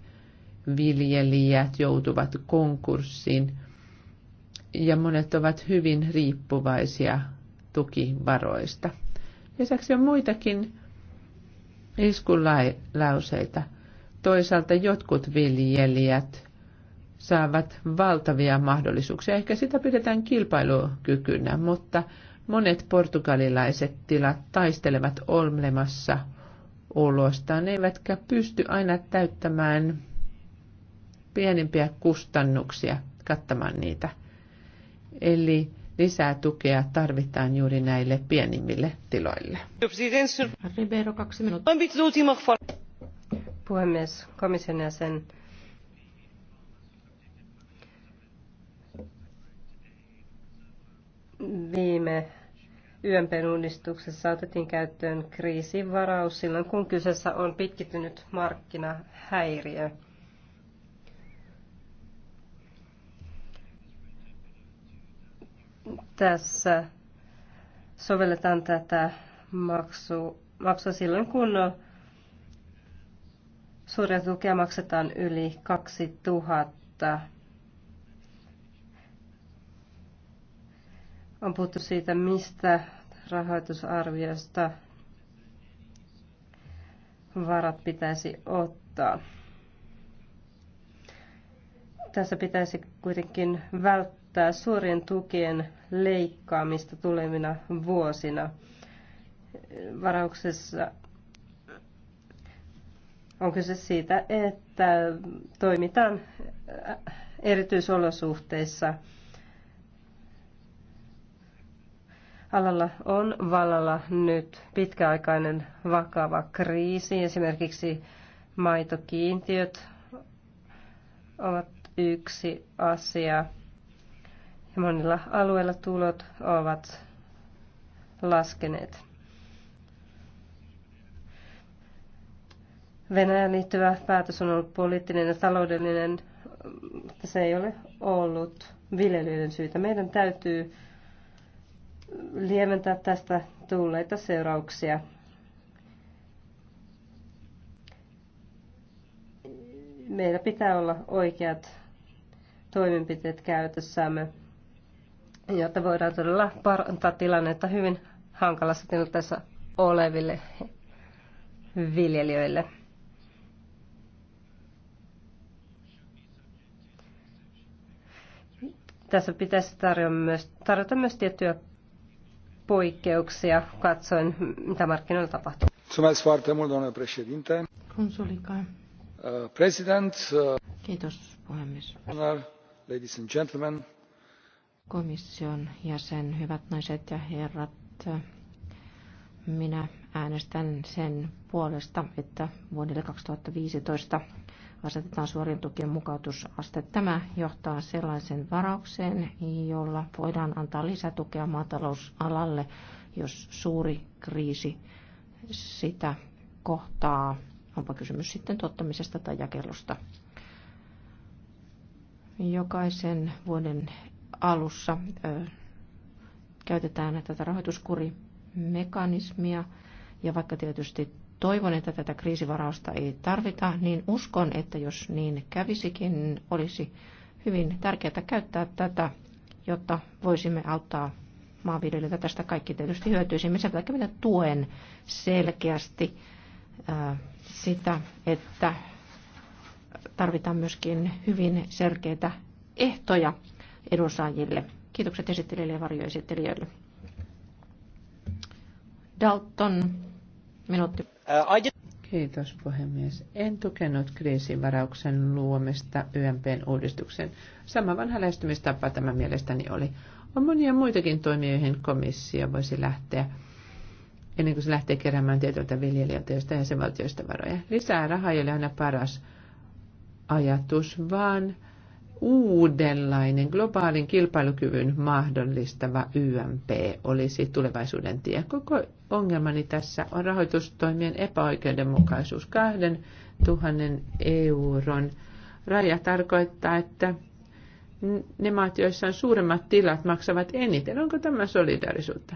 viljelijät joutuvat konkurssiin ja monet ovat hyvin riippuvaisia tukivaroista. Lisäksi on muitakin iskulauseita. Toisaalta jotkut viljelijät saavat valtavia mahdollisuuksia. Ehkä sitä pidetään kilpailukykynä, mutta monet portugalilaiset tilat taistelevat olemassa olostaan, eivätkä pysty aina täyttämään pienimpiä kustannuksia, kattamaan niitä. Eli lisää tukea tarvitaan juuri näille pienimmille tiloille. Ribeiro, kaksi minuuttia. Puhemies, komission jäsen Viime YMPn uudistuksessa otettiin käyttöön kriisivaraus silloin, kun kyseessä on pitkittynyt markkinahäiriö. Tässä sovelletaan tätä maksua maksua silloin, kun suuria tukea maksetaan yli 2000 On puhuttu siitä, mistä rahoitusarviosta varat pitäisi ottaa. Tässä pitäisi kuitenkin välttää suurien tukien leikkaamista tulevina vuosina. Varauksessa on kyse siitä, että toimitaan erityisolosuhteissa – Alalla on vallalla nyt pitkäaikainen vakava kriisi. Esimerkiksi maitokiintiöt ovat yksi asia. Ja monilla alueilla tulot ovat laskeneet. Venäjän liittyvä päätös on ollut poliittinen ja taloudellinen, mutta se ei ole ollut viljelyiden syytä. Meidän täytyy lieventää tästä tulleita seurauksia. Meillä pitää olla oikeat toimenpiteet käytössämme, jotta voidaan todella parantaa tilannetta hyvin hankalassa tilanteessa oleville viljelijöille. Tässä pitäisi tarjota myös, tarjota myös tiettyjä poikkeuksia katsoen, mitä markkinoilla tapahtuu. Mulțumesc foarte mult, domnule președinte. Consulica. Uh, president. Uh, Kiitos, puhemies. Ladies and gentlemen. Komission jäsen, hyvät naiset ja herrat. Minä äänestän sen puolesta, että vuodelle 2015 asetetaan suorien tukien mukautusaste. Tämä johtaa sellaisen varaukseen, jolla voidaan antaa lisätukea maatalousalalle, jos suuri kriisi sitä kohtaa, onpa kysymys sitten tuottamisesta tai jakelusta. Jokaisen vuoden alussa ö, käytetään tätä rahoituskuri mekanismia. Ja vaikka tietysti toivon, että tätä kriisivarausta ei tarvita, niin uskon, että jos niin kävisikin, olisi hyvin tärkeää käyttää tätä, jotta voisimme auttaa maanviljelijöitä. Tästä kaikki tietysti hyötyisimme. Sen takia minä tuen selkeästi sitä, että tarvitaan myöskin hyvin selkeitä ehtoja edunsaajille. Kiitokset esittelijöille ja varjoesittelijöille. Dalton, minuutti. Uh, Kiitos puhemies. En tukenut kriisivarauksen luomista YMPn uudistuksen. Sama vanha lähestymistapa tämä mielestäni oli. On monia muitakin toimia, joihin komissio voisi lähteä ennen kuin se lähtee keräämään tietoilta viljelijöiltä ja jäsenvaltioista varoja. Lisää rahaa ei ole aina paras ajatus, vaan uudenlainen globaalin kilpailukyvyn mahdollistava YMP olisi tulevaisuuden tie. Koko ongelmani tässä on rahoitustoimien epäoikeudenmukaisuus. Kahden tuhannen euron raja tarkoittaa, että ne maat, joissa on suuremmat tilat, maksavat eniten. Onko tämä solidaarisuutta?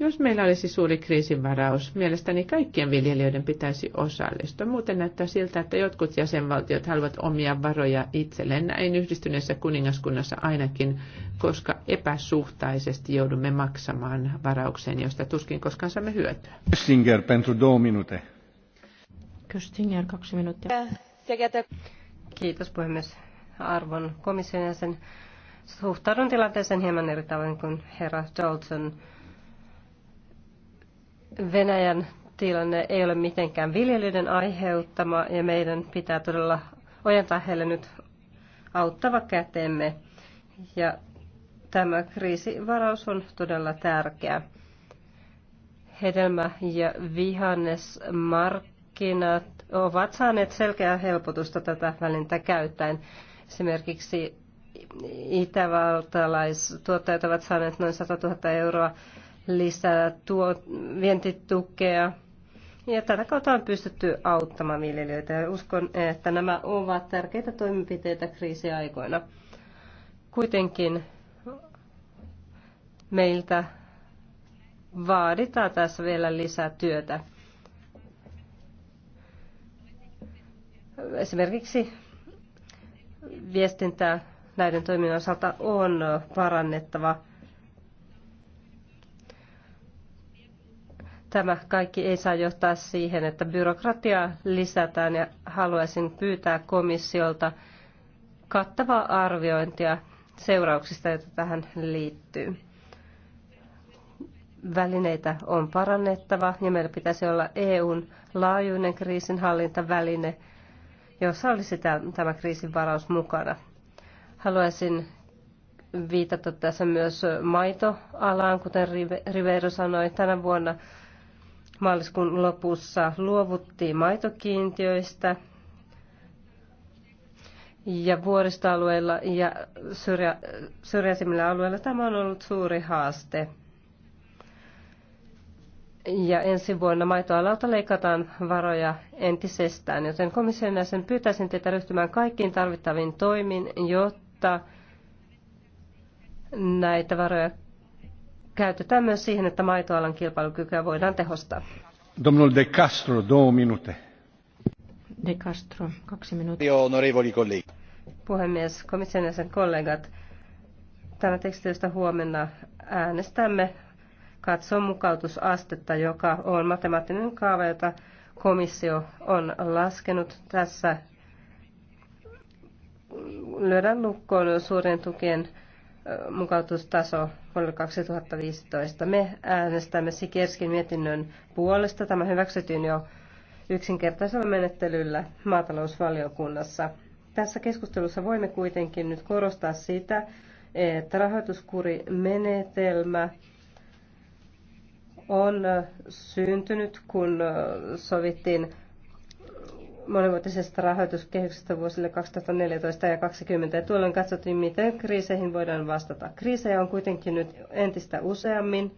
Jos meillä olisi suuri kriisinvaraus, mielestäni kaikkien viljelijöiden pitäisi osallistua. Muuten näyttää siltä, että jotkut jäsenvaltiot haluavat omia varoja itselleen. Näin yhdistyneessä kuningaskunnassa ainakin, koska epäsuhtaisesti joudumme maksamaan varaukseen, josta tuskin koskaan saamme hyötyä. Köstinger, pentru două minute. Köstinger, kaksi minuuttia. Kiitos puhemies. Arvon komission jäsen. Suhtaudun tilanteeseen hieman eri tavoin kuin herra Dalton Venäjän tilanne ei ole mitenkään viljelyiden aiheuttama ja meidän pitää todella ojentaa heille nyt auttava kätemme. Ja tämä kriisivaraus on todella tärkeä. Hedelmä- ja vihannesmarkkinat ovat saaneet selkeää helpotusta tätä välintä käyttäen. Esimerkiksi itävaltalaistuottajat ovat saaneet noin 100 000 euroa lisää tuo vientitukea. Ja tätä kautta on pystytty auttamaan viljelijöitä ja uskon, että nämä ovat tärkeitä toimenpiteitä kriisiaikoina. Kuitenkin meiltä vaaditaan tässä vielä lisää työtä. Esimerkiksi viestintää näiden toiminnan osalta on parannettava – Tämä kaikki ei saa johtaa siihen, että byrokratiaa lisätään ja haluaisin pyytää komissiolta kattavaa arviointia seurauksista, joita tähän liittyy. Välineitä on parannettava ja meillä pitäisi olla EUn laajuinen kriisinhallintaväline, jossa olisi tämä kriisin varaus mukana. Haluaisin viitata tässä myös maitoalaan, kuten Rivero sanoi, tänä vuonna Maaliskuun lopussa luovuttiin maitokiintiöistä ja vuoristoalueilla ja syrjä, syrjäisimmillä alueilla tämä on ollut suuri haaste. Ja ensi vuonna maitoalalta leikataan varoja entisestään, joten komission jäsen pyytäisin teitä ryhtymään kaikkiin tarvittaviin toimiin, jotta näitä varoja käytetään myös siihen, että maitoalan kilpailukykyä voidaan tehostaa. Domnul De Castro, două minute. De Castro, kaksi minuuttia. Onorevoli colleghi. Puhemies, komission jäsen kollegat, tämä tekstistä huomenna äänestämme katsoa mukautusastetta, joka on matemaattinen kaava, jota komissio on laskenut. Tässä lyödään lukkoon suurien tukien mukautustaso vuodelle 2015. Me äänestämme Sikerskin mietinnön puolesta. Tämä hyväksyttiin jo yksinkertaisella menettelyllä maatalousvaliokunnassa. Tässä keskustelussa voimme kuitenkin nyt korostaa sitä, että rahoituskurimenetelmä on syntynyt, kun sovittiin monivuotisesta rahoituskehyksestä vuosille 2014 ja 2020. Ja tuolloin katsottiin, miten kriiseihin voidaan vastata. Kriisejä on kuitenkin nyt entistä useammin.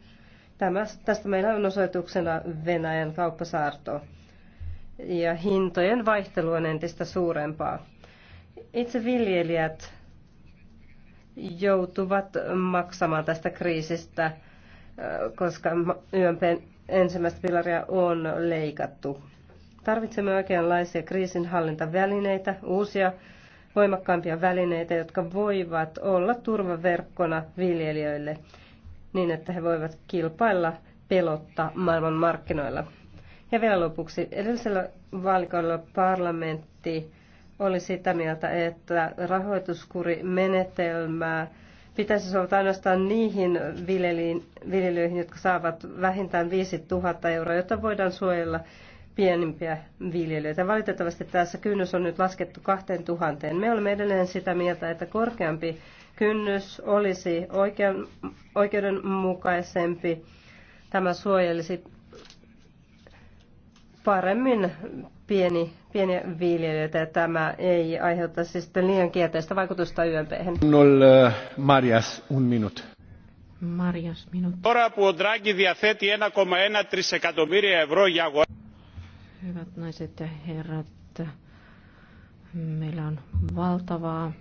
Tämä, tästä meillä on osoituksena Venäjän kauppasaarto. Ja hintojen vaihtelu on entistä suurempaa. Itse viljelijät joutuvat maksamaan tästä kriisistä, koska YMP ensimmäistä pilaria on leikattu Tarvitsemme oikeanlaisia kriisinhallintavälineitä, uusia voimakkaampia välineitä, jotka voivat olla turvaverkkona viljelijöille niin, että he voivat kilpailla pelotta maailman markkinoilla. Ja vielä lopuksi, edellisellä vaalikaudella parlamentti oli sitä mieltä, että rahoituskurimenetelmää pitäisi soveltaa ainoastaan niihin viljelijöihin, jotka saavat vähintään 5000 euroa, jotta voidaan suojella pienimpiä viljelijöitä. Valitettavasti tässä kynnys on nyt laskettu 2000. Me olemme edelleen sitä mieltä, että korkeampi kynnys olisi oikean, oikeudenmukaisempi. Tämä suojelisi paremmin pieni, pieniä viljelijöitä ja tämä ei aiheuttaisi siis sitten liian kielteistä vaikutusta YMP. Äh, Marjas, un minut. Marjas, minut. Τώρα που ο Ντράγκη διαθέτει 1,1 τρισεκατομμύρια ευρώ για αγορά. Hyvät naiset ja herrat, meillä on valtavaa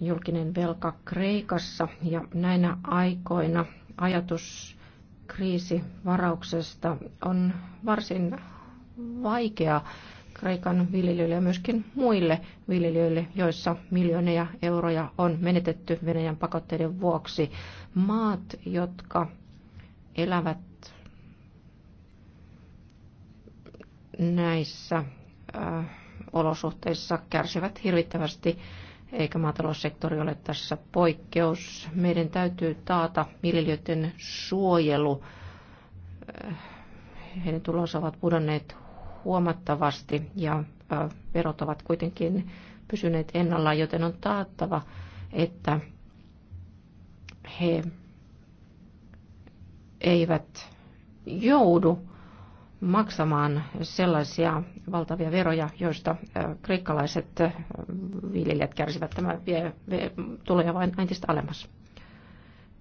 julkinen velka Kreikassa ja näinä aikoina ajatus kriisivarauksesta on varsin vaikea Kreikan viljelijöille ja myöskin muille viljelijöille, joissa miljoonia euroja on menetetty Venäjän pakotteiden vuoksi. Maat, jotka elävät näissä äh, olosuhteissa kärsivät hirvittävästi, eikä maataloussektori ole tässä poikkeus. Meidän täytyy taata viljelijöiden suojelu. Äh, heidän tulonsa ovat pudonneet huomattavasti ja äh, verot ovat kuitenkin pysyneet ennallaan, joten on taattava, että he eivät joudu maksamaan sellaisia valtavia veroja, joista kreikkalaiset viljelijät kärsivät. Tämä vie, vie tuloja vain entistä alemmas.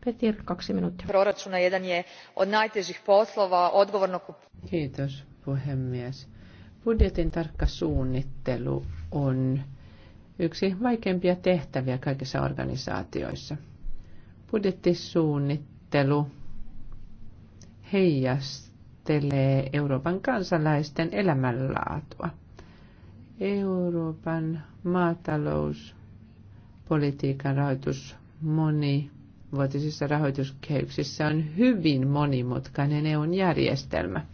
Petir, kaksi minuuttia. Proratsuna jedan je od najtežih poslova odgovorno... Kiitos, puhemies. Budjetin tarkka suunnittelu on yksi vaikeimpia tehtäviä kaikissa organisaatioissa. Budjettisuunnittelu heijastaa määrittelee Euroopan kansalaisten elämänlaatua. Euroopan maatalouspolitiikan rahoitus moni vuotisissa rahoituskehyksissä on hyvin monimutkainen EUn järjestelmä.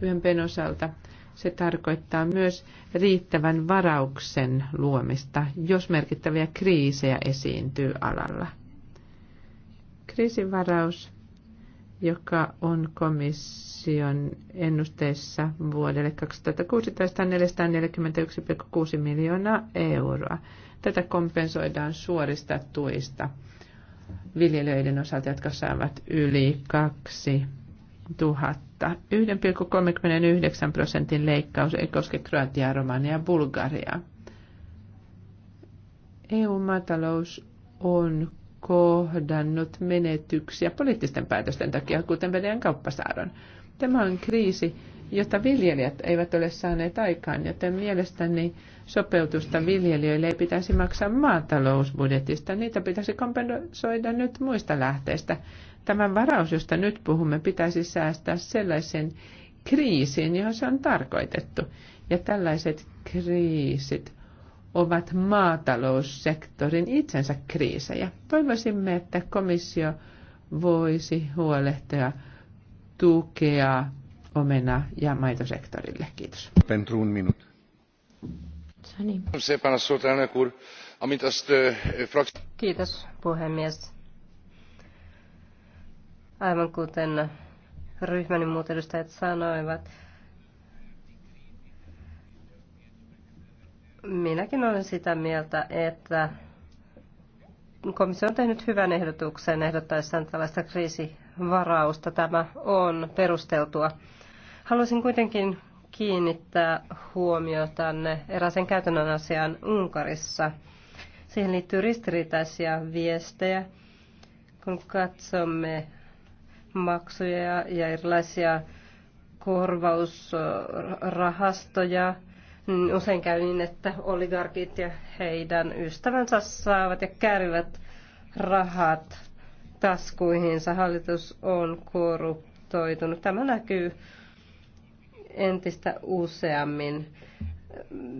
YMPn osalta se tarkoittaa myös riittävän varauksen luomista, jos merkittäviä kriisejä esiintyy alalla. Kriisivaraus joka on komission ennusteessa vuodelle 2016 441,6 miljoonaa euroa. Tätä kompensoidaan suorista tuista viljelijöiden osalta, jotka saavat yli 2000. 1,39 prosentin leikkaus ei koske Kroatiaa, Romania ja Bulgariaa. EU-maatalous on kohdannut menetyksiä poliittisten päätösten takia, kuten Venäjän kauppasaaron. Tämä on kriisi, jota viljelijät eivät ole saaneet aikaan, joten mielestäni sopeutusta viljelijöille ei pitäisi maksaa maatalousbudjetista. Niitä pitäisi kompensoida nyt muista lähteistä. Tämän varaus, josta nyt puhumme, pitäisi säästää sellaisen kriisiin, johon se on tarkoitettu. Ja tällaiset kriisit ovat maataloussektorin itsensä kriisejä. Toivoisimme, että komissio voisi huolehtia tukea omena- ja maitosektorille. Kiitos. Pentruun minut. Kiitos puhemies. Aivan kuten ryhmäni muut edustajat sanoivat, Minäkin olen sitä mieltä, että komissio on tehnyt hyvän ehdotuksen ehdottaessaan tällaista kriisivarausta. Tämä on perusteltua. Haluaisin kuitenkin kiinnittää huomiota eräisen käytännön asiaan Unkarissa. Siihen liittyy ristiriitaisia viestejä, kun katsomme maksuja ja erilaisia korvausrahastoja – Mm, usein käy niin, että oligarkit ja heidän ystävänsä saavat ja käyvät rahat taskuihinsa. Hallitus on korruptoitunut. Tämä näkyy entistä useammin.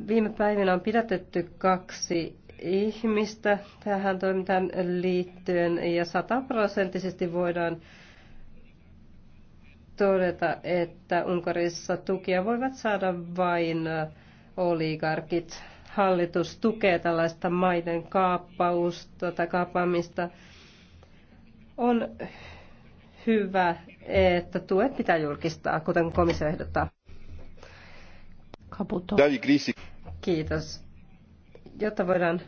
Viime päivinä on pidätetty kaksi ihmistä tähän toimintaan liittyen ja sataprosenttisesti voidaan todeta, että Unkarissa tukia voivat saada vain oligarkit. Hallitus tukee tällaista maiden kaappausta tai kaappaamista. On hyvä, että tuet pitää julkistaa, kuten komissio ehdottaa. Kaputo. Kiitos. Jotta voidaan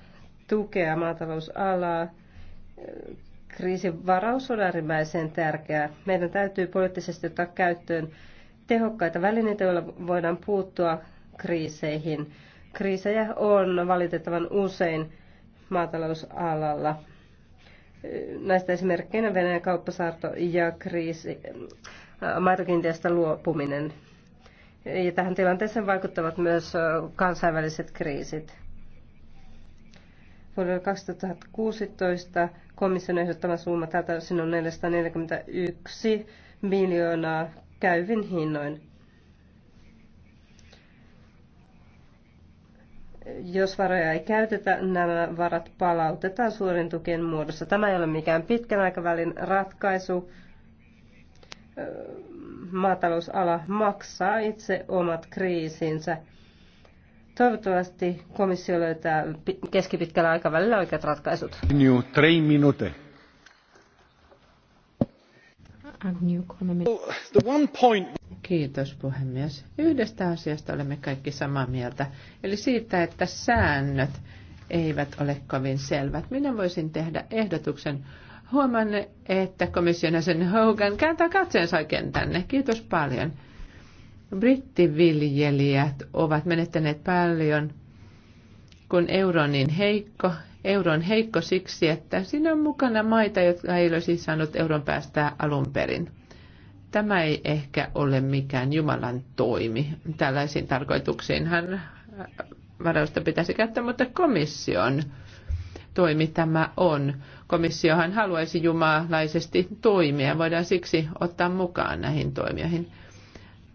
tukea maatalousalaa, eh, kriisin varaus on äärimmäisen tärkeää. Meidän täytyy poliittisesti ottaa käyttöön tehokkaita välineitä, joilla voidaan puuttua kriiseihin. Kriisejä on valitettavan usein maatalousalalla. Näistä esimerkkeinä Venäjän kauppasaarto ja kriisi, äh, maitokiintiöstä luopuminen. Ja tähän tilanteeseen vaikuttavat myös äh, kansainväliset kriisit. Vuodelle 2016 komission ehdottama summa tältä osin on 441 miljoonaa käyvin hinnoin. Jos varoja ei käytetä, nämä varat palautetaan suorin tukien muodossa. Tämä ei ole mikään pitkän aikavälin ratkaisu. Maatalousala maksaa itse omat kriisinsä. Toivottavasti komissio löytää keskipitkällä aikavälillä oikeat ratkaisut. Minun, minuuttia. Kiitos puhemies. Yhdestä asiasta olemme kaikki samaa mieltä, eli siitä, että säännöt eivät ole kovin selvät. Minä voisin tehdä ehdotuksen. Huomaan, että komission sen Hogan kääntää katseensa oikein tänne. Kiitos paljon. Brittiviljelijät ovat menettäneet paljon, kun euro on niin heikko euro on heikko siksi, että siinä on mukana maita, jotka ei olisi saanut euron päästää alun perin. Tämä ei ehkä ole mikään Jumalan toimi. Tällaisiin tarkoituksiinhan äh, varausta pitäisi käyttää, mutta komission toimi tämä on. Komissiohan haluaisi jumalaisesti toimia, voidaan siksi ottaa mukaan näihin toimijoihin.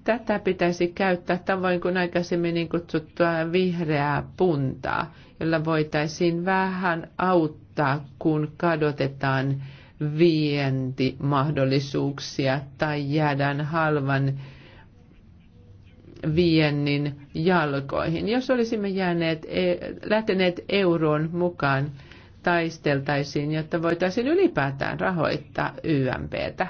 Tätä pitäisi käyttää tavoin kuin aikaisemmin niin kutsuttua vihreää puntaa, jolla voitaisiin vähän auttaa, kun kadotetaan vientimahdollisuuksia tai jäädään halvan viennin jalkoihin. Jos olisimme jääneet, e-, lähteneet euroon mukaan, taisteltaisiin, jotta voitaisiin ylipäätään rahoittaa YMPtä.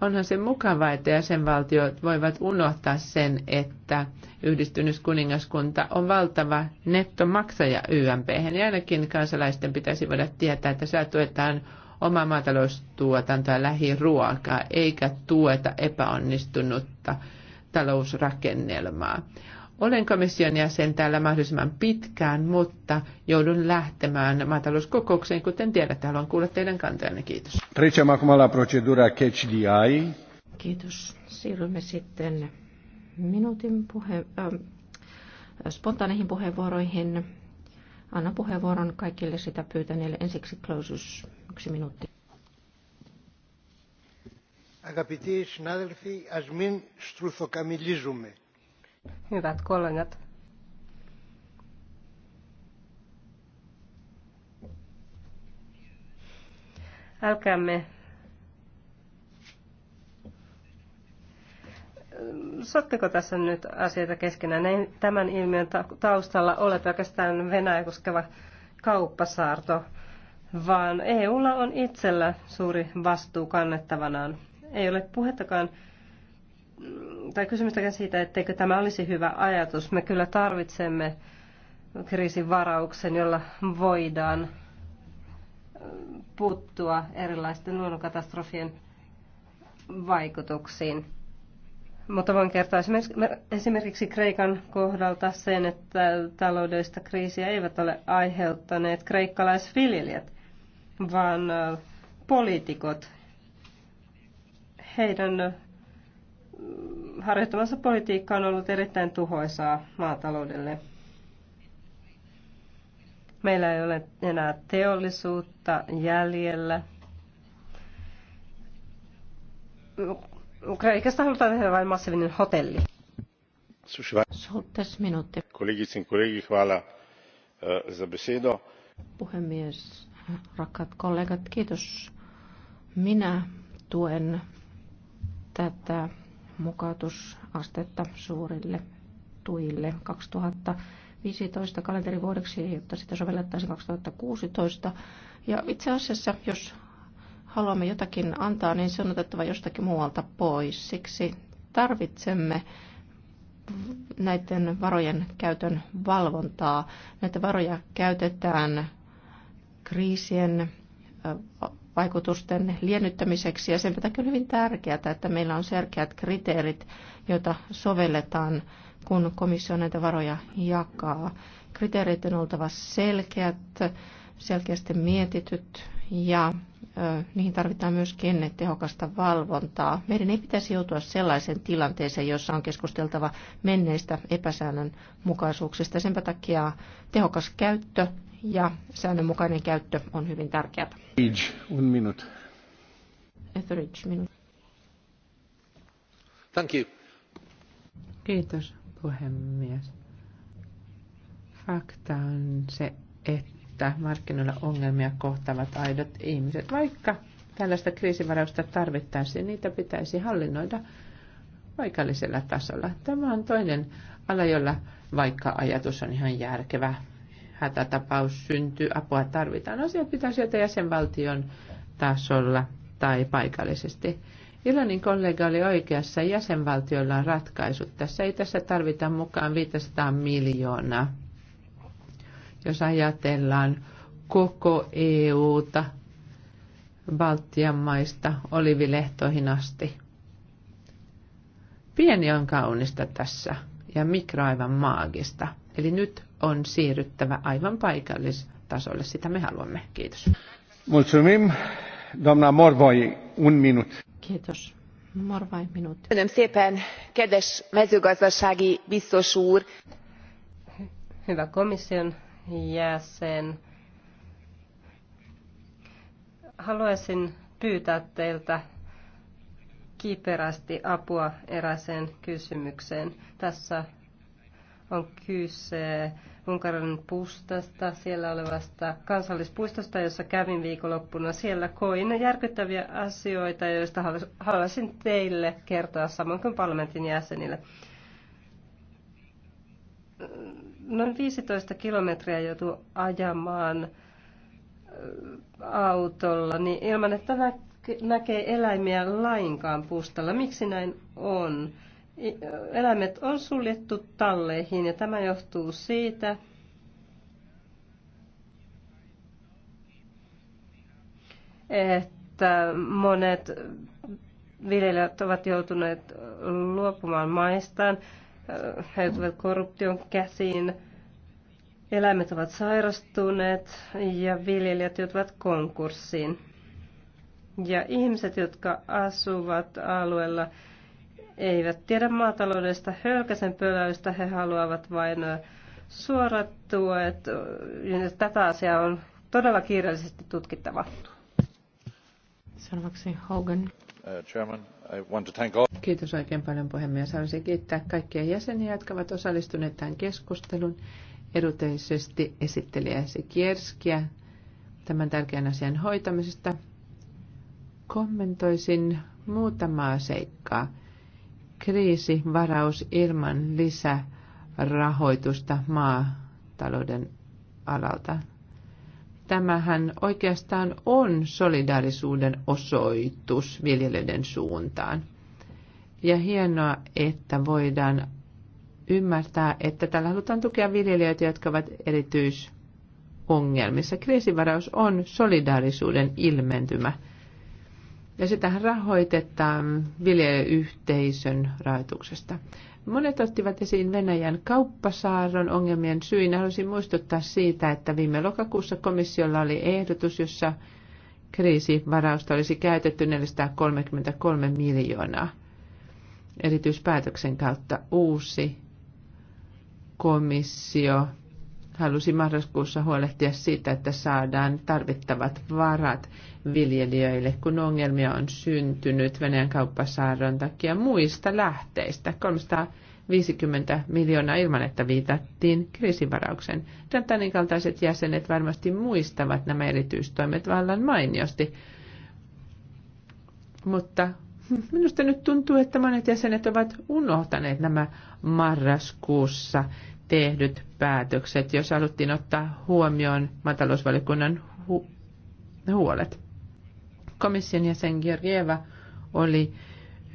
Onhan se mukava, että jäsenvaltiot voivat unohtaa sen, että yhdistynyt kuningaskunta on valtava nettomaksaja YMP. Ja niin ainakin kansalaisten pitäisi voida tietää, että siellä tuetaan omaa maataloustuotantoa lähiruokaa, eikä tueta epäonnistunutta talousrakennelmaa. Olen komission jäsen täällä mahdollisimman pitkään, mutta joudun lähtemään maatalouskokoukseen, kuten tiedätte. Haluan kuulla teidän kantajanne. Kiitos. Kiitos. Siirrymme sitten minuutin puhe, äh, spontaaneihin puheenvuoroihin. Anna puheenvuoron kaikille sitä pyytäneille. Ensiksi closus, yksi minuutti. Αγαπητοί συνάδελφοι, ας μην στρουθοκαμιλίζουμε. Hyvät kollegat. Älkäämme Sotteko tässä nyt asioita keskenään. Ei tämän ilmiön taustalla ole pelkästään Venäjä koskeva kauppasaarto, vaan EUlla on itsellä suuri vastuu kannettavanaan. Ei ole puhettakaan tai kysymystäkään siitä, etteikö tämä olisi hyvä ajatus. Me kyllä tarvitsemme kriisin varauksen, jolla voidaan puuttua erilaisten luonnonkatastrofien vaikutuksiin. Mutta voin kertoa esimerkiksi Kreikan kohdalta sen, että taloudellista kriisiä eivät ole aiheuttaneet kreikkalaisviljelijät, vaan poliitikot. Heidän harjoittamansa politiikka on ollut erittäin tuhoisaa maataloudelle. Meillä ei ole enää teollisuutta jäljellä. Kreikasta halutaan tehdä vain massiivinen hotelli. Suhtes minuutti. Kollegit ja kollegi, hvala eh, za besedo. Puhemies, rakkaat kollegat, kiitos. Minä tuen tätä mukautusastetta suurille tuille 2015 kalenterivuodeksi, jotta sitä sovellettaisiin 2016. Ja itse asiassa, jos haluamme jotakin antaa, niin se on otettava jostakin muualta pois. Siksi tarvitsemme näiden varojen käytön valvontaa. Näitä varoja käytetään kriisien vaikutusten liennyttämiseksi ja sen takia on hyvin tärkeää, että meillä on selkeät kriteerit, joita sovelletaan, kun komissio näitä varoja jakaa. Kriteerit on oltava selkeät, selkeästi mietityt ja ö, niihin tarvitaan myöskin tehokasta valvontaa. Meidän ei pitäisi joutua sellaiseen tilanteeseen, jossa on keskusteltava menneistä epäsäännönmukaisuuksista. Sen takia tehokas käyttö säännönmukainen käyttö on hyvin tärkeää. Etheridge, one minute. Etheridge, minute. Thank you. Kiitos, puhemies. Fakta on se, että markkinoilla ongelmia kohtavat aidot ihmiset. Vaikka tällaista kriisivarausta tarvittaisiin, niitä pitäisi hallinnoida paikallisella tasolla. Tämä on toinen ala, jolla vaikka ajatus on ihan järkevä, hätätapaus syntyy, apua tarvitaan. Asiat pitäisi sieltä jäsenvaltion tasolla tai paikallisesti. Ilonin kollega oli oikeassa, jäsenvaltioilla on ratkaisut. Tässä ei tässä tarvita mukaan 500 miljoonaa. Jos ajatellaan koko EU-ta, Baltian maista olivilehtoihin asti. Pieni on kaunista tässä ja mikro aivan maagista. Eli nyt on siirryttävä aivan paikallistasolle. Sitä me haluamme. Kiitos. Mulțumim, doamna Morvai, un minut. Kiitos. Morvai, minuutti. Köszönöm szépen, kedves mezőgazdasági biztos úr. Hyvä komission jäsen. Haluaisin pyytää teiltä kiperästi apua eräseen kysymykseen. Tässä on kyse Unkarin Pustasta, siellä olevasta kansallispuistosta, jossa kävin viikonloppuna. Siellä koin järkyttäviä asioita, joista haluaisin teille kertoa samoin kuin parlamentin jäsenille. Noin 15 kilometriä joutuu ajamaan autolla niin ilman, että näkee eläimiä lainkaan pustalla. Miksi näin on? eläimet on suljettu talleihin ja tämä johtuu siitä, että monet viljelijät ovat joutuneet luopumaan maistaan, he joutuvat korruption käsiin, eläimet ovat sairastuneet ja viljelijät joutuvat konkurssiin. Ja ihmiset, jotka asuvat alueella, eivät tiedä maataloudesta hölkäsen pöläystä, he haluavat vain suorat että Tätä asiaa on todella kiireellisesti tutkittava. Seuraavaksi Hogan. Uh, Kiitos oikein paljon puhemies. Haluaisin kiittää kaikkia jäseniä, jotka ovat osallistuneet tähän keskusteluun. Erityisesti esittelijä Kierskiä tämän tärkeän asian hoitamisesta. Kommentoisin muutamaa seikkaa kriisivaraus ilman lisärahoitusta maatalouden alalta. Tämähän oikeastaan on solidaarisuuden osoitus viljelijöiden suuntaan. Ja hienoa, että voidaan ymmärtää, että tällä halutaan tukea viljelijöitä, jotka ovat erityisongelmissa. Kriisivaraus on solidaarisuuden ilmentymä – ja sitä rahoitetaan viljelyyhteisön rahoituksesta. Monet ottivat esiin Venäjän kauppasaaron ongelmien syinä. Haluaisin muistuttaa siitä, että viime lokakuussa komissiolla oli ehdotus, jossa kriisivarausta olisi käytetty 433 miljoonaa. Erityispäätöksen kautta uusi komissio halusi marraskuussa huolehtia siitä, että saadaan tarvittavat varat viljelijöille, kun ongelmia on syntynyt Venäjän kauppasaaron takia muista lähteistä. 350 miljoonaa ilman, että viitattiin kriisivarauksen. Tantanin kaltaiset jäsenet varmasti muistavat nämä erityistoimet vallan mainiosti. Mutta minusta nyt tuntuu, että monet jäsenet ovat unohtaneet nämä marraskuussa tehdyt päätökset, jos haluttiin ottaa huomioon maatalousvaliokunnan hu- huolet. Komission jäsen Georgieva oli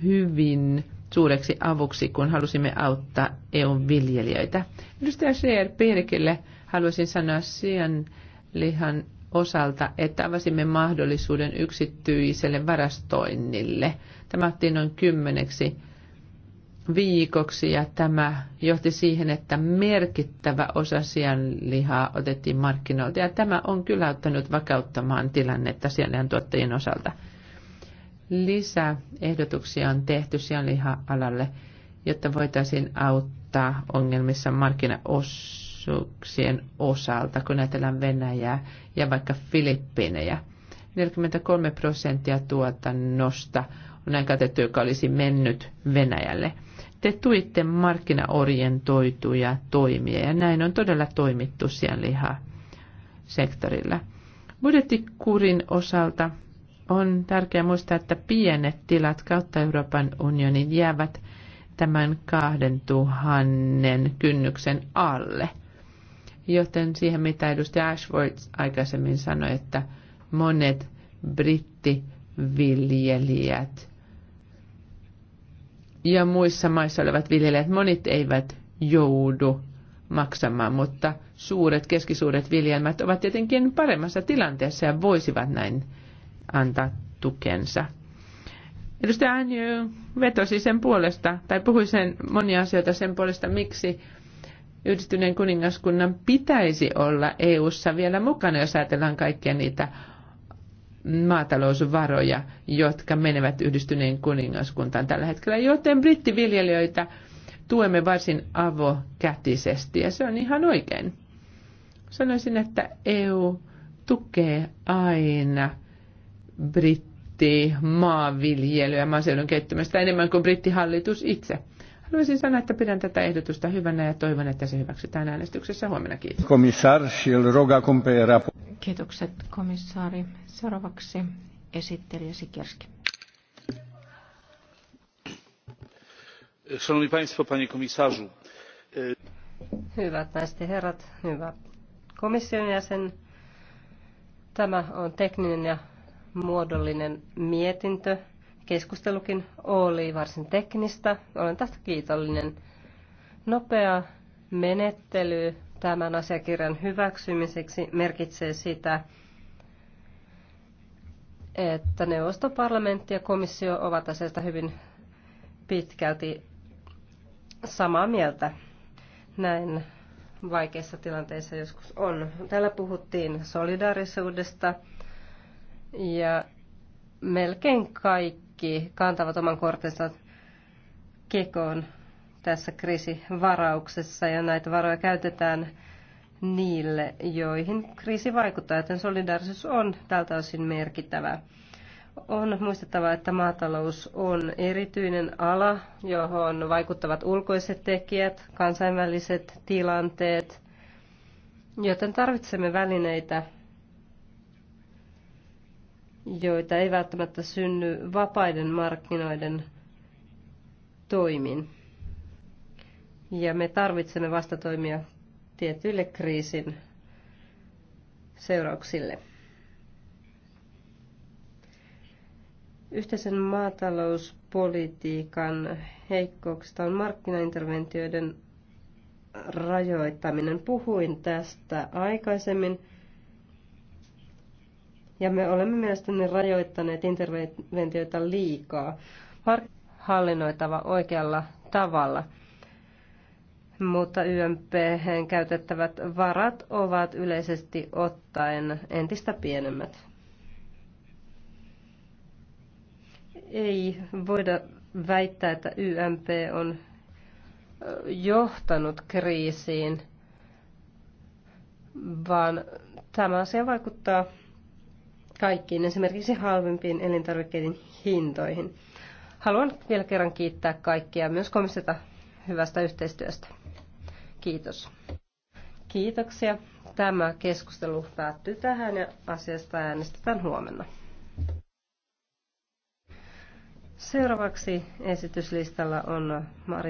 hyvin suureksi avuksi, kun halusimme auttaa EUn viljelijöitä. Edustaja Scheer Pirkille haluaisin sanoa sian lihan osalta, että avasimme mahdollisuuden yksityiselle varastoinnille. Tämä otti noin kymmeneksi viikoksi ja tämä johti siihen, että merkittävä osa sianlihaa otettiin markkinoilta ja tämä on kyllä ottanut vakauttamaan tilannetta sianlihan tuottajien osalta. Lisää ehdotuksia on tehty sianliha-alalle, jotta voitaisiin auttaa ongelmissa markkinaosuuksien osalta, kun ajatellaan Venäjää ja vaikka Filippiinejä. 43 prosenttia tuotannosta on näin katettu, joka olisi mennyt Venäjälle – te tuitte markkinaorientoituja toimia ja näin on todella toimittu siellä sektorilla. Budjettikurin osalta on tärkeää muistaa, että pienet tilat kautta Euroopan unionin jäävät tämän 2000 kynnyksen alle. Joten siihen, mitä edustaja Ashworth aikaisemmin sanoi, että monet brittiviljelijät – ja muissa maissa olevat viljelijät, monet eivät joudu maksamaan, mutta suuret, keskisuuret viljelmät ovat tietenkin paremmassa tilanteessa ja voisivat näin antaa tukensa. Edustaja Anju vetosi sen puolesta, tai puhui sen monia asioita sen puolesta, miksi yhdistyneen kuningaskunnan pitäisi olla EU-ssa vielä mukana, jos ajatellaan kaikkia niitä maatalousvaroja, jotka menevät yhdistyneen kuningaskuntaan tällä hetkellä, joten brittiviljelijöitä tuemme varsin avokätisesti ja se on ihan oikein. Sanoisin, että EU tukee aina britti maanviljelyä maaseudun kehittymistä enemmän kuin brittihallitus itse. Haluaisin sanoa, että pidän tätä ehdotusta hyvänä ja toivon, että se hyväksytään äänestyksessä huomenna. Kiitos. Komissaar, roga Kiitokset komissaari. Seuraavaksi esittelijä Sikerski. Szanowni Państwo, Panie Komisarzu. E, Hyvät naiset ja herrat, hyvä komission jäsen. Tämä on tekninen ja muodollinen mietintö, Keskustelukin oli varsin teknistä. Olen tästä kiitollinen. Nopea menettely tämän asiakirjan hyväksymiseksi merkitsee sitä, että neuvostoparlamentti parlamentti ja komissio ovat asiasta hyvin pitkälti samaa mieltä. Näin vaikeissa tilanteissa joskus on. Täällä puhuttiin solidaarisuudesta ja melkein kaikki kaikki kantavat oman kortensa kekoon tässä kriisivarauksessa ja näitä varoja käytetään niille, joihin kriisi vaikuttaa, joten solidaarisuus on tältä osin merkittävä. On muistettava, että maatalous on erityinen ala, johon vaikuttavat ulkoiset tekijät, kansainväliset tilanteet, joten tarvitsemme välineitä, joita ei välttämättä synny vapaiden markkinoiden toimin. Ja me tarvitsemme vastatoimia tietyille kriisin seurauksille. Yhteisen maatalouspolitiikan heikkouksista on markkinainterventioiden rajoittaminen. Puhuin tästä aikaisemmin ja me olemme mielestäni rajoittaneet interventioita liikaa. Mark- hallinnoitava oikealla tavalla. Mutta YMP käytettävät varat ovat yleisesti ottaen entistä pienemmät. Ei voida väittää, että YMP on johtanut kriisiin, vaan tämä asia vaikuttaa kaikkiin, esimerkiksi halvempiin elintarvikkeiden hintoihin. Haluan vielä kerran kiittää kaikkia, myös komissiota hyvästä yhteistyöstä. Kiitos. Kiitoksia. Tämä keskustelu päättyy tähän ja asiasta äänestetään huomenna. Seuraavaksi esityslistalla on Mari